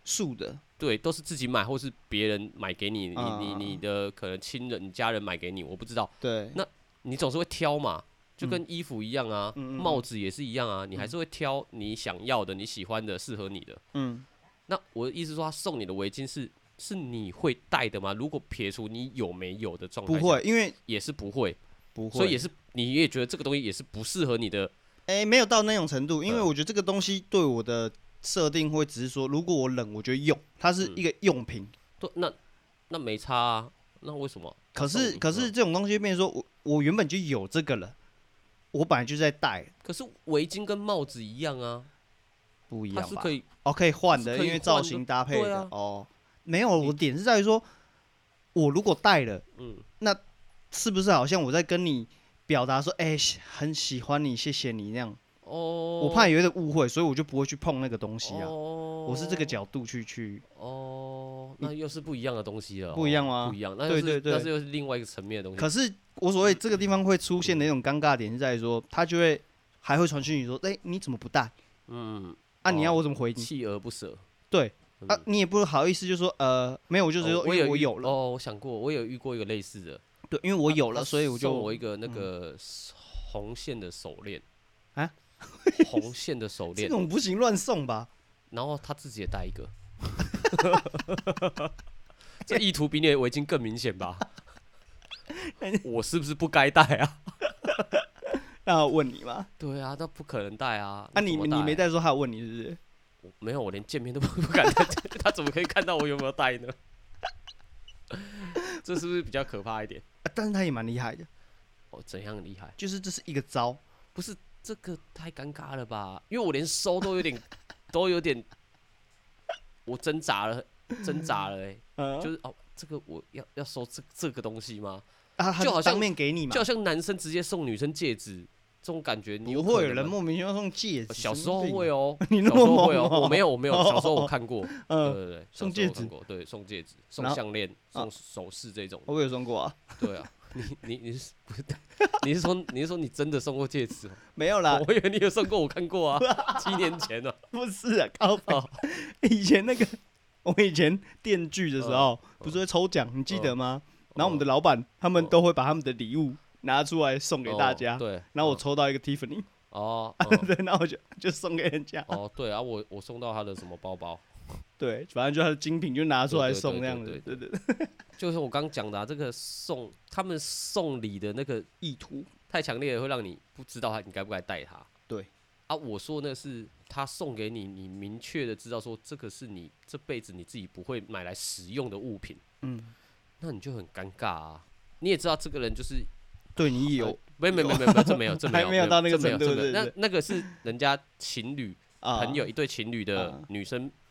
素的，對，都是自己買或是別人買給你，嗯、你你你的可能親人、家人買給你，我不知道，對，那。你總是會挑嘛，就跟衣服一樣啊，嗯、帽子也是一樣啊、嗯，你還是會挑你想要的、你喜歡的、適合你的。嗯，那我的意思說，他送你的圍巾是是你會戴的嗎？如果撇除你有沒有的狀態，不會，因為也是不會，不會，所以也是，你也覺得這個東西也是不適合你的。誒，沒有到那種程度，因為我覺得這個東西對我的設定會只是說，嗯、如果我冷，我覺得用它是一個用品。嗯、對那那沒差、啊，那為什麼？可是可是這種東西變成說我。我原本就有這個了，我本來就在戴。可是圍巾跟帽子一樣啊，不一樣吧？它是可以，哦，可以換的，的，因為造型搭配的、啊、哦。沒有，我點是在於說，我如果戴了，嗯，那是不是好像我在跟你表達說，哎、嗯欸，很喜歡你，謝謝你那樣？哦，我怕有一點誤會，所以我就不會去碰那個東西啊。哦，我是這個角度去去哦。哦、那又是不一樣的東西了、哦，不一樣嗎？不一樣。那是對對對，但是又是另外一個層面的東西。可是我所謂這個地方會出現的一種尷尬點是在說，他、嗯、就會還會傳訊你說，哎、欸，你怎麼不戴？嗯，啊，你要我怎麼回你？鍥而不捨。對、嗯、啊，你也不好意思就說，呃，沒有，我就是說我有我有了我有。哦，我想過，我有遇過一個類似的。對，因為我有了，啊、所以我就我一個那個紅線的手鏈、嗯、啊，紅線的手鏈 <laughs> 這種不行，亂送吧。然後他自己也帶一個。 <laughs> 這意圖比你的圍巾更明顯吧？我是不是不該戴啊？ <laughs> 那我問你嘛？對啊，他不可能戴啊！那、啊、你你、啊、你沒戴，說他要問你是不是？我沒有，我連見面都不敢。 <laughs> 他怎麼可以看到我有沒有戴呢？ <laughs> 這是不是比較可怕一點？啊、但是他也蠻厲害的。哦，怎樣厲害？就是這是一個招，不是這個太尷尬了吧？因為我連收都有點， <laughs> 都有點。我掙扎了，掙扎了、欸，哎、啊，就是哦，這個我要要收這這個東西嗎？就好像當面給你嘛就，就好像男生直接送女生戒指，這種感覺你，你會有人莫名其妙送戒指、啊？小時候會哦、喔，小時候會哦、喔，我沒有，我沒有，小時候我看過，嗯、啊，對對對，小時候看過，對、啊呃，送戒指，送項鏈，送首飾這種，我有送過啊，對啊。 <laughs> <laughs> 你你你，是不是你是說你是說，你真的送過戒指、喔？ <laughs> 沒有啦、喔，我以為你有送過，我看過啊， <laughs> 七年前呢、啊 <laughs> 。不是，啊，高寶、哦、以前那個我們以前電劇的時候、哦、不是會抽獎，哦、你記得嗎？哦、然後我們的老闆、哦、他們都會把他們的禮物拿出來送給大家。對、哦，然後我抽到一個 Tiffany。哦，對，那我就就送給人家。哦，哦， <laughs> 對啊，我我送到他的什麼包包？ <laughs> 對，反正就是精品，就拿出來送這樣子。對對對,對,對,對 <laughs> 就剛剛、啊，就是我剛講的這個送，他們送禮的那個意圖太強烈了會讓你不知道他你該不該帶他。對啊，我說那是他送給你，你明確的知道說這個是你這輩子你自己不會買來使用的物品。嗯，那你就很尷尬啊！你也知道這個人就是對你有……沒、嗯、沒沒沒沒，這沒有這沒有, <laughs> 沒,有沒有，這沒有到、這個、那個那那個是人家情侶 <laughs> 朋友一對情侶的女生。啊啊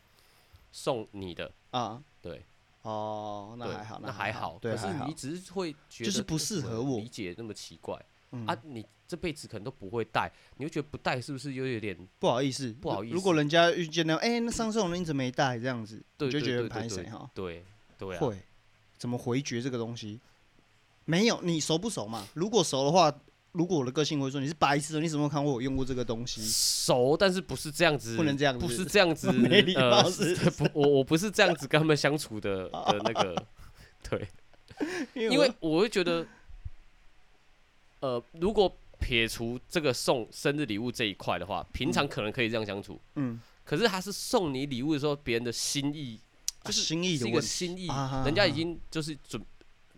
送你的啊，對，哦，那還好，那,還好,那還,好對對還好。可是你只是會覺得，就是不適合我理解那麼奇怪。就是、啊、嗯，你這輩子可能都不會帶，你又覺得不帶是不是又有點不好意思？嗯、不好意思，如果人家遇見了，哎、欸，那、嗯、上次我們一直沒帶這樣子，對對對對對對就覺得對,對,對,對。對，對、啊、會怎麼回絕這個東西？沒有，你熟不熟嘛？ <laughs> 如果熟的話。如果我的個性會說你是白痴，你什麼時候看我？我用過這個東西熟，但是不是這樣子，不能這樣，不是這樣子，不、呃？我我不是這樣子跟他們相處的 <laughs> 的那個，對，因為我,因為我會覺得、嗯，呃，如果撇除這個送生日禮物這一塊的話，平常可能可以這樣相處，嗯、可是他是送你禮物的時候，別人的心意、啊、就是個心意、啊、心意，人家已經就是準、啊、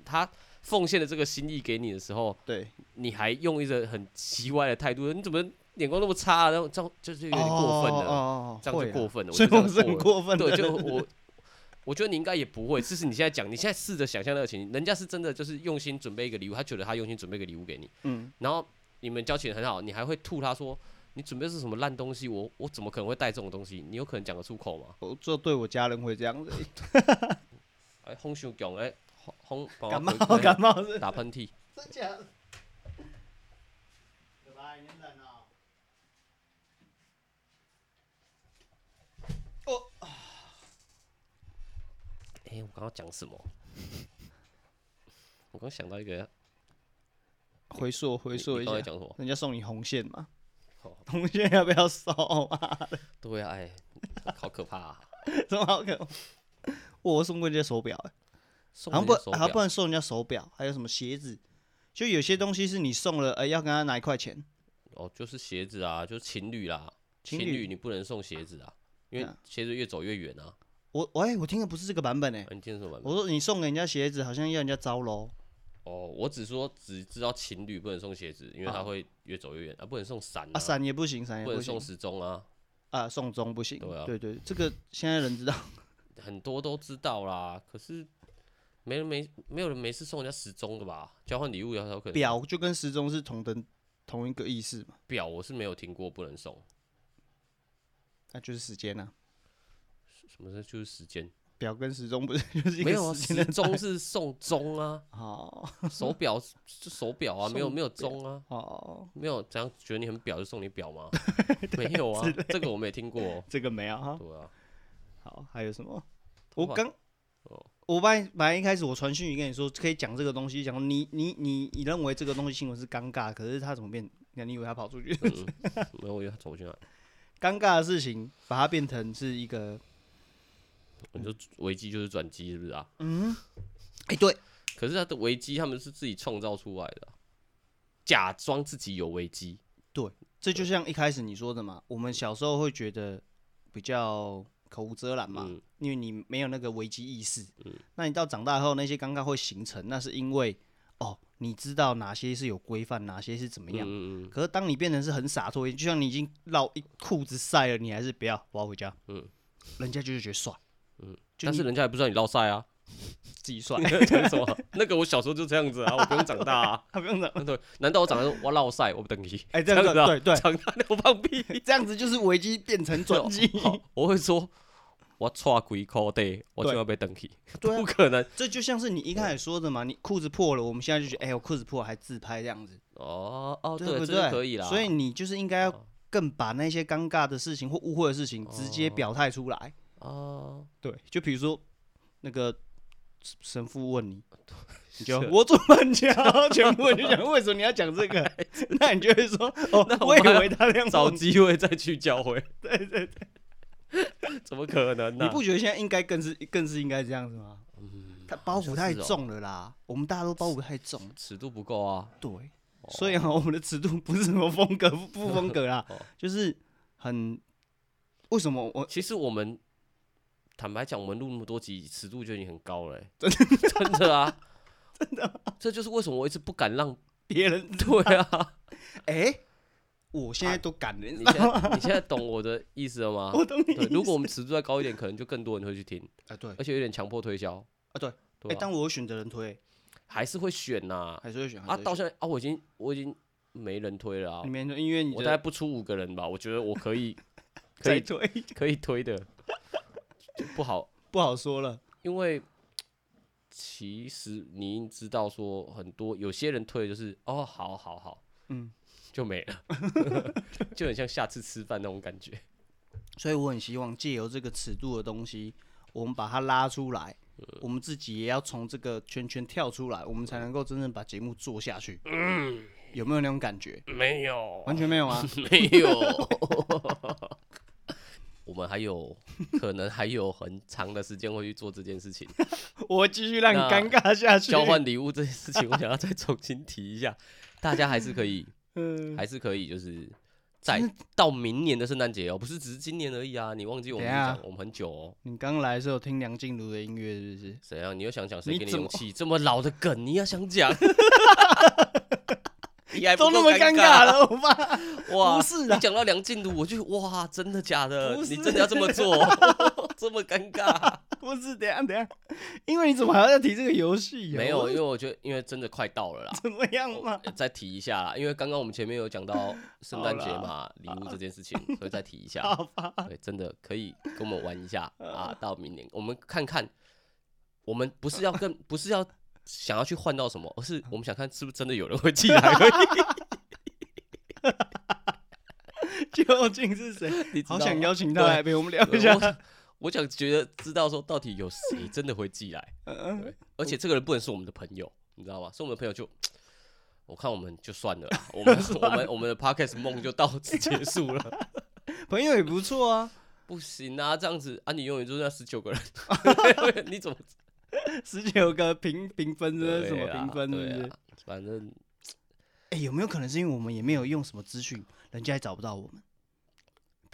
他。奉獻的這個心意給你的時候，對，你還用一個很奇怪的態度，你怎麼眼光那麼差啊？然後這樣就是有點過分了，哦哦哦哦哦這樣子、啊、就過分了，分過分，分過分對，就我， <laughs> 我覺得你應該也不會，就是你現在講，你現在試着想象那個情人家是真的就是用心準備一個禮物，他覺得他用心準備一個禮物給你、嗯，然後你們交情很好，你還會吐他說，你準備是什麼爛東西？我我怎麼可能會帶這種東西？你有可能講得出口嗎？我這對我家人會這樣子、欸 <laughs> 哎，哎，風太強哎。感冒，感冒是打噴嚏。真假的？我啊。哎、哦哦欸，我剛剛講什麼？ <laughs> 我剛想到一個、啊，回溯回溯你你到底講什麼？人家送你紅線嘛、哦？紅線要不要收啊？對啊、欸，哎，好可怕啊！ <laughs> 怎麼好可 <laughs> 我？我送過你些手錶、欸。還不還不、哎、不能送人家手錶，還有什麼鞋子？就有些東西是你送了，呃、欸，要跟他拿一塊錢。哦，就是鞋子啊，就是情侶啦，情侶，情侶你不能送鞋子啊，因為鞋子越走越遠啊，啊。我、欸，我聽的不是這個版本呢、欸啊，你聽什麼版本？我說你送給人家鞋子，好像要人家走路。哦，我只說只知道情侶不能送鞋子，因為他會越走越遠啊，啊，不能送傘啊，傘、啊、也不行，傘也不行。不能送時鐘啊，啊，送鐘不行。對，啊、對，對對，這個現在人知道很多都知道啦，可是。沒人沒沒有人沒事送人家時鐘的吧？交換禮物也有可能。表就跟時鐘是同等同一個意思嘛？表我是沒有聽過不能送，那就是時間啊。什麼事？就是時間、啊？表，就是，跟時鐘不是就是一個？沒有啊，時鐘是送鐘啊。哦，手表手表啊，沒，沒有沒有鐘啊，哦。沒有，這樣覺得你很表就送你表嗎？ <laughs> 沒有啊，這個我沒聽過，這個沒有哈。對啊。好，還有什麼？我剛。我本來本來，一開始我傳訊息跟你說，可以講這個東西，講你你你你認為這個東西新聞是尷尬，可是，它怎麼變？那你以為它跑出去是，是、嗯？沒有，我以為它走進來，尷尬的事情把它變成是一個，你說危機就是轉機，是不是啊？嗯，哎，對。可是它的危機他們是自己創造出來的，假裝自己有危機。對，這就像一開始你說的嘛，我們小時候會覺得比較口無遮攔嘛。嗯因為你沒有那個危機意識、嗯，那你到長大後那些尷尬會形成，那是因為哦，你知道哪些是有規範，哪些是怎麼樣。嗯嗯。可是當你變成是很灑脫，就像你已經繞一褲子晒了，你還是不要，我要回家。嗯。人家就是覺得帥，嗯。但是人家也不知道你繞晒啊。 <laughs> 自己帥。什麼？ <laughs> 那個我小時候就這樣子啊，我不用長大啊， <laughs> 他不用長大、啊。對。 <laughs> 難道我長大我繞晒我不等於？哎、欸，這樣子，這樣子、啊、對對。長大我放屁， <laughs> 這樣子就是危機變成轉機 <laughs> 。我會說。我叉鬼褲帶，我就要被登記，不可能。這就像是你一開始說的嘛，你褲子破了，我們現在就覺得，哎、欸，我褲子破了還自拍這樣子，哦哦，對不對？所以你就是應該要更把那些尷尬的事情或誤會的事情直接表態出來。哦、oh, oh,，oh. 對，就比如說那個神父問你，oh, oh. 你就我做半腳，神 <laughs> 你，就想為什麼你要講這個？ <laughs> 那你就會說，哦 oh, 那我以為他這樣，找機會再去教會。 <laughs> 對，對對對。 <laughs> 怎麼可能呢、啊？你不覺得現在應該更是更是應該這樣子嗎？他、嗯、包袱太重了啦，是是、哦，我們大家都包袱太重尺，尺度不夠啊。對，所以啊，我們的尺度不是什麼風格不風格啦，呵呵哦、就是很為什麼我其實我們坦白講，我們錄那麼多集，尺度就已經很高了、欸，真 <laughs> 真的啊，真的，這就是為什麼我一直不敢讓別人 <laughs> 對啊，哎、欸。我現在都感人，啊，你現在懂我的意思了嗎？ <laughs> 我懂你的意思？如果我們尺度再高一點，可能就更多人會去聽。啊、而且有點強迫推銷、啊。對、欸。但我選擇人推，還是會選呢、啊還，啊、還是會選。啊，到現在啊，我已經我已經沒人推了。啊。因為我大概不出五個人吧。我覺得我可以， <laughs> 可以推，可以推的。 <laughs> 不好，不好說了。因為其實你知道，說很多有些人推就是哦，好好好，嗯。就沒了， <laughs> 就很像下次吃飯那種感覺。 <laughs> 所以我很希望借由這個尺度的東西，我們把它拉出來，我們自己也要從這個圈圈跳出來，我們才能夠真正把節目做下去。嗯，有沒有那種感覺？沒有，完全沒有啊，沒有。 <laughs> <laughs> 我們還有可能還有很長的時間會去做這件事情， <laughs> 我會繼續讓你尷尬下去。交換禮物這件事情，我想要再重新提一下， <laughs> 大家還是可以。嗯、還是可以，就是在到明年的聖誕節哦，不是只是今年而已啊！你忘記我們、欸啊？我們很久哦、喔。你剛來的時候聽梁靜茹的音樂是不是？誰啊？你又想講？誰給你勇氣這麼老的梗？你要想講 <laughs> ？ <laughs> 啊、都那麼尷尬了，我爸？哇，你講到梁靜茹，我就覺得哇，真的假的？你真的要這麼做 <laughs> <laughs> 這麼尷尬、啊？不是等下，等下，因為你怎麼還要再提這個遊戲、喔？沒有，因為我覺得，因為真的快到了啦。怎麼樣嘛？再提一下啦，因為剛剛我們前面有講到聖誕節嘛，禮物這件事情、啊，所以再提一下。好吧對，真的可以跟我們玩一下啊，啊！到明年，我們看看，我們不是要跟，不是要想要去換到什麼，而是我們想看是不是真的有人會寄來。 <laughs> <laughs> <laughs> <laughs> 究竟是誰？好想邀請他來陪、呃、我們聊一下。 <laughs> 我想覺得知道說到底有誰真的會寄來，對，而且這個人不能是我們的朋友，你知道嗎？是我們的朋友就，我看我們就算了，我們 <laughs> 我們我們的 podcast 夢就到此結束了。朋友也不錯啊，不行啊，這樣子啊，你永遠就是要十九個人， <laughs> 你怎麼十 <laughs> 九個評評分，這是什麼評分？是不是？對啦對啦，反正，哎，有沒有可能是因為我們也沒有用什麼資訊，人家還找不到我們？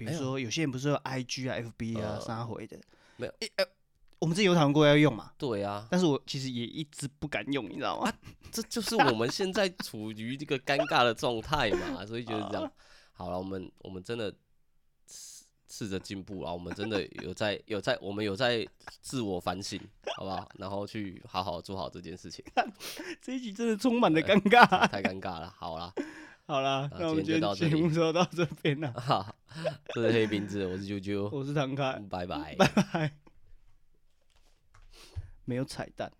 比如說，有些人不是說 I G 啊、F B 啊、啥、呃、回的，沒有。欸呃、我們自己有討論過要用嘛？對啊。但是我其實也一直不敢用，你知道嗎？啊、這就是我們現在處於這個尷尬的狀態嘛， <laughs> 所以就是這樣。啊、好了，我們我們真的試着進步啊，我們真的有在有在，我們有在自我反省，好不好？然後去好好做好這件事情。 <laughs> 這一集真的充滿了尷尬，呃、太尷尬了。好了。好啦、啊，那我們今天節目就到這邊了、啊。這是黑瓶子， <laughs> 我是啾啾，我是唐凱，拜拜，拜拜。沒有彩蛋。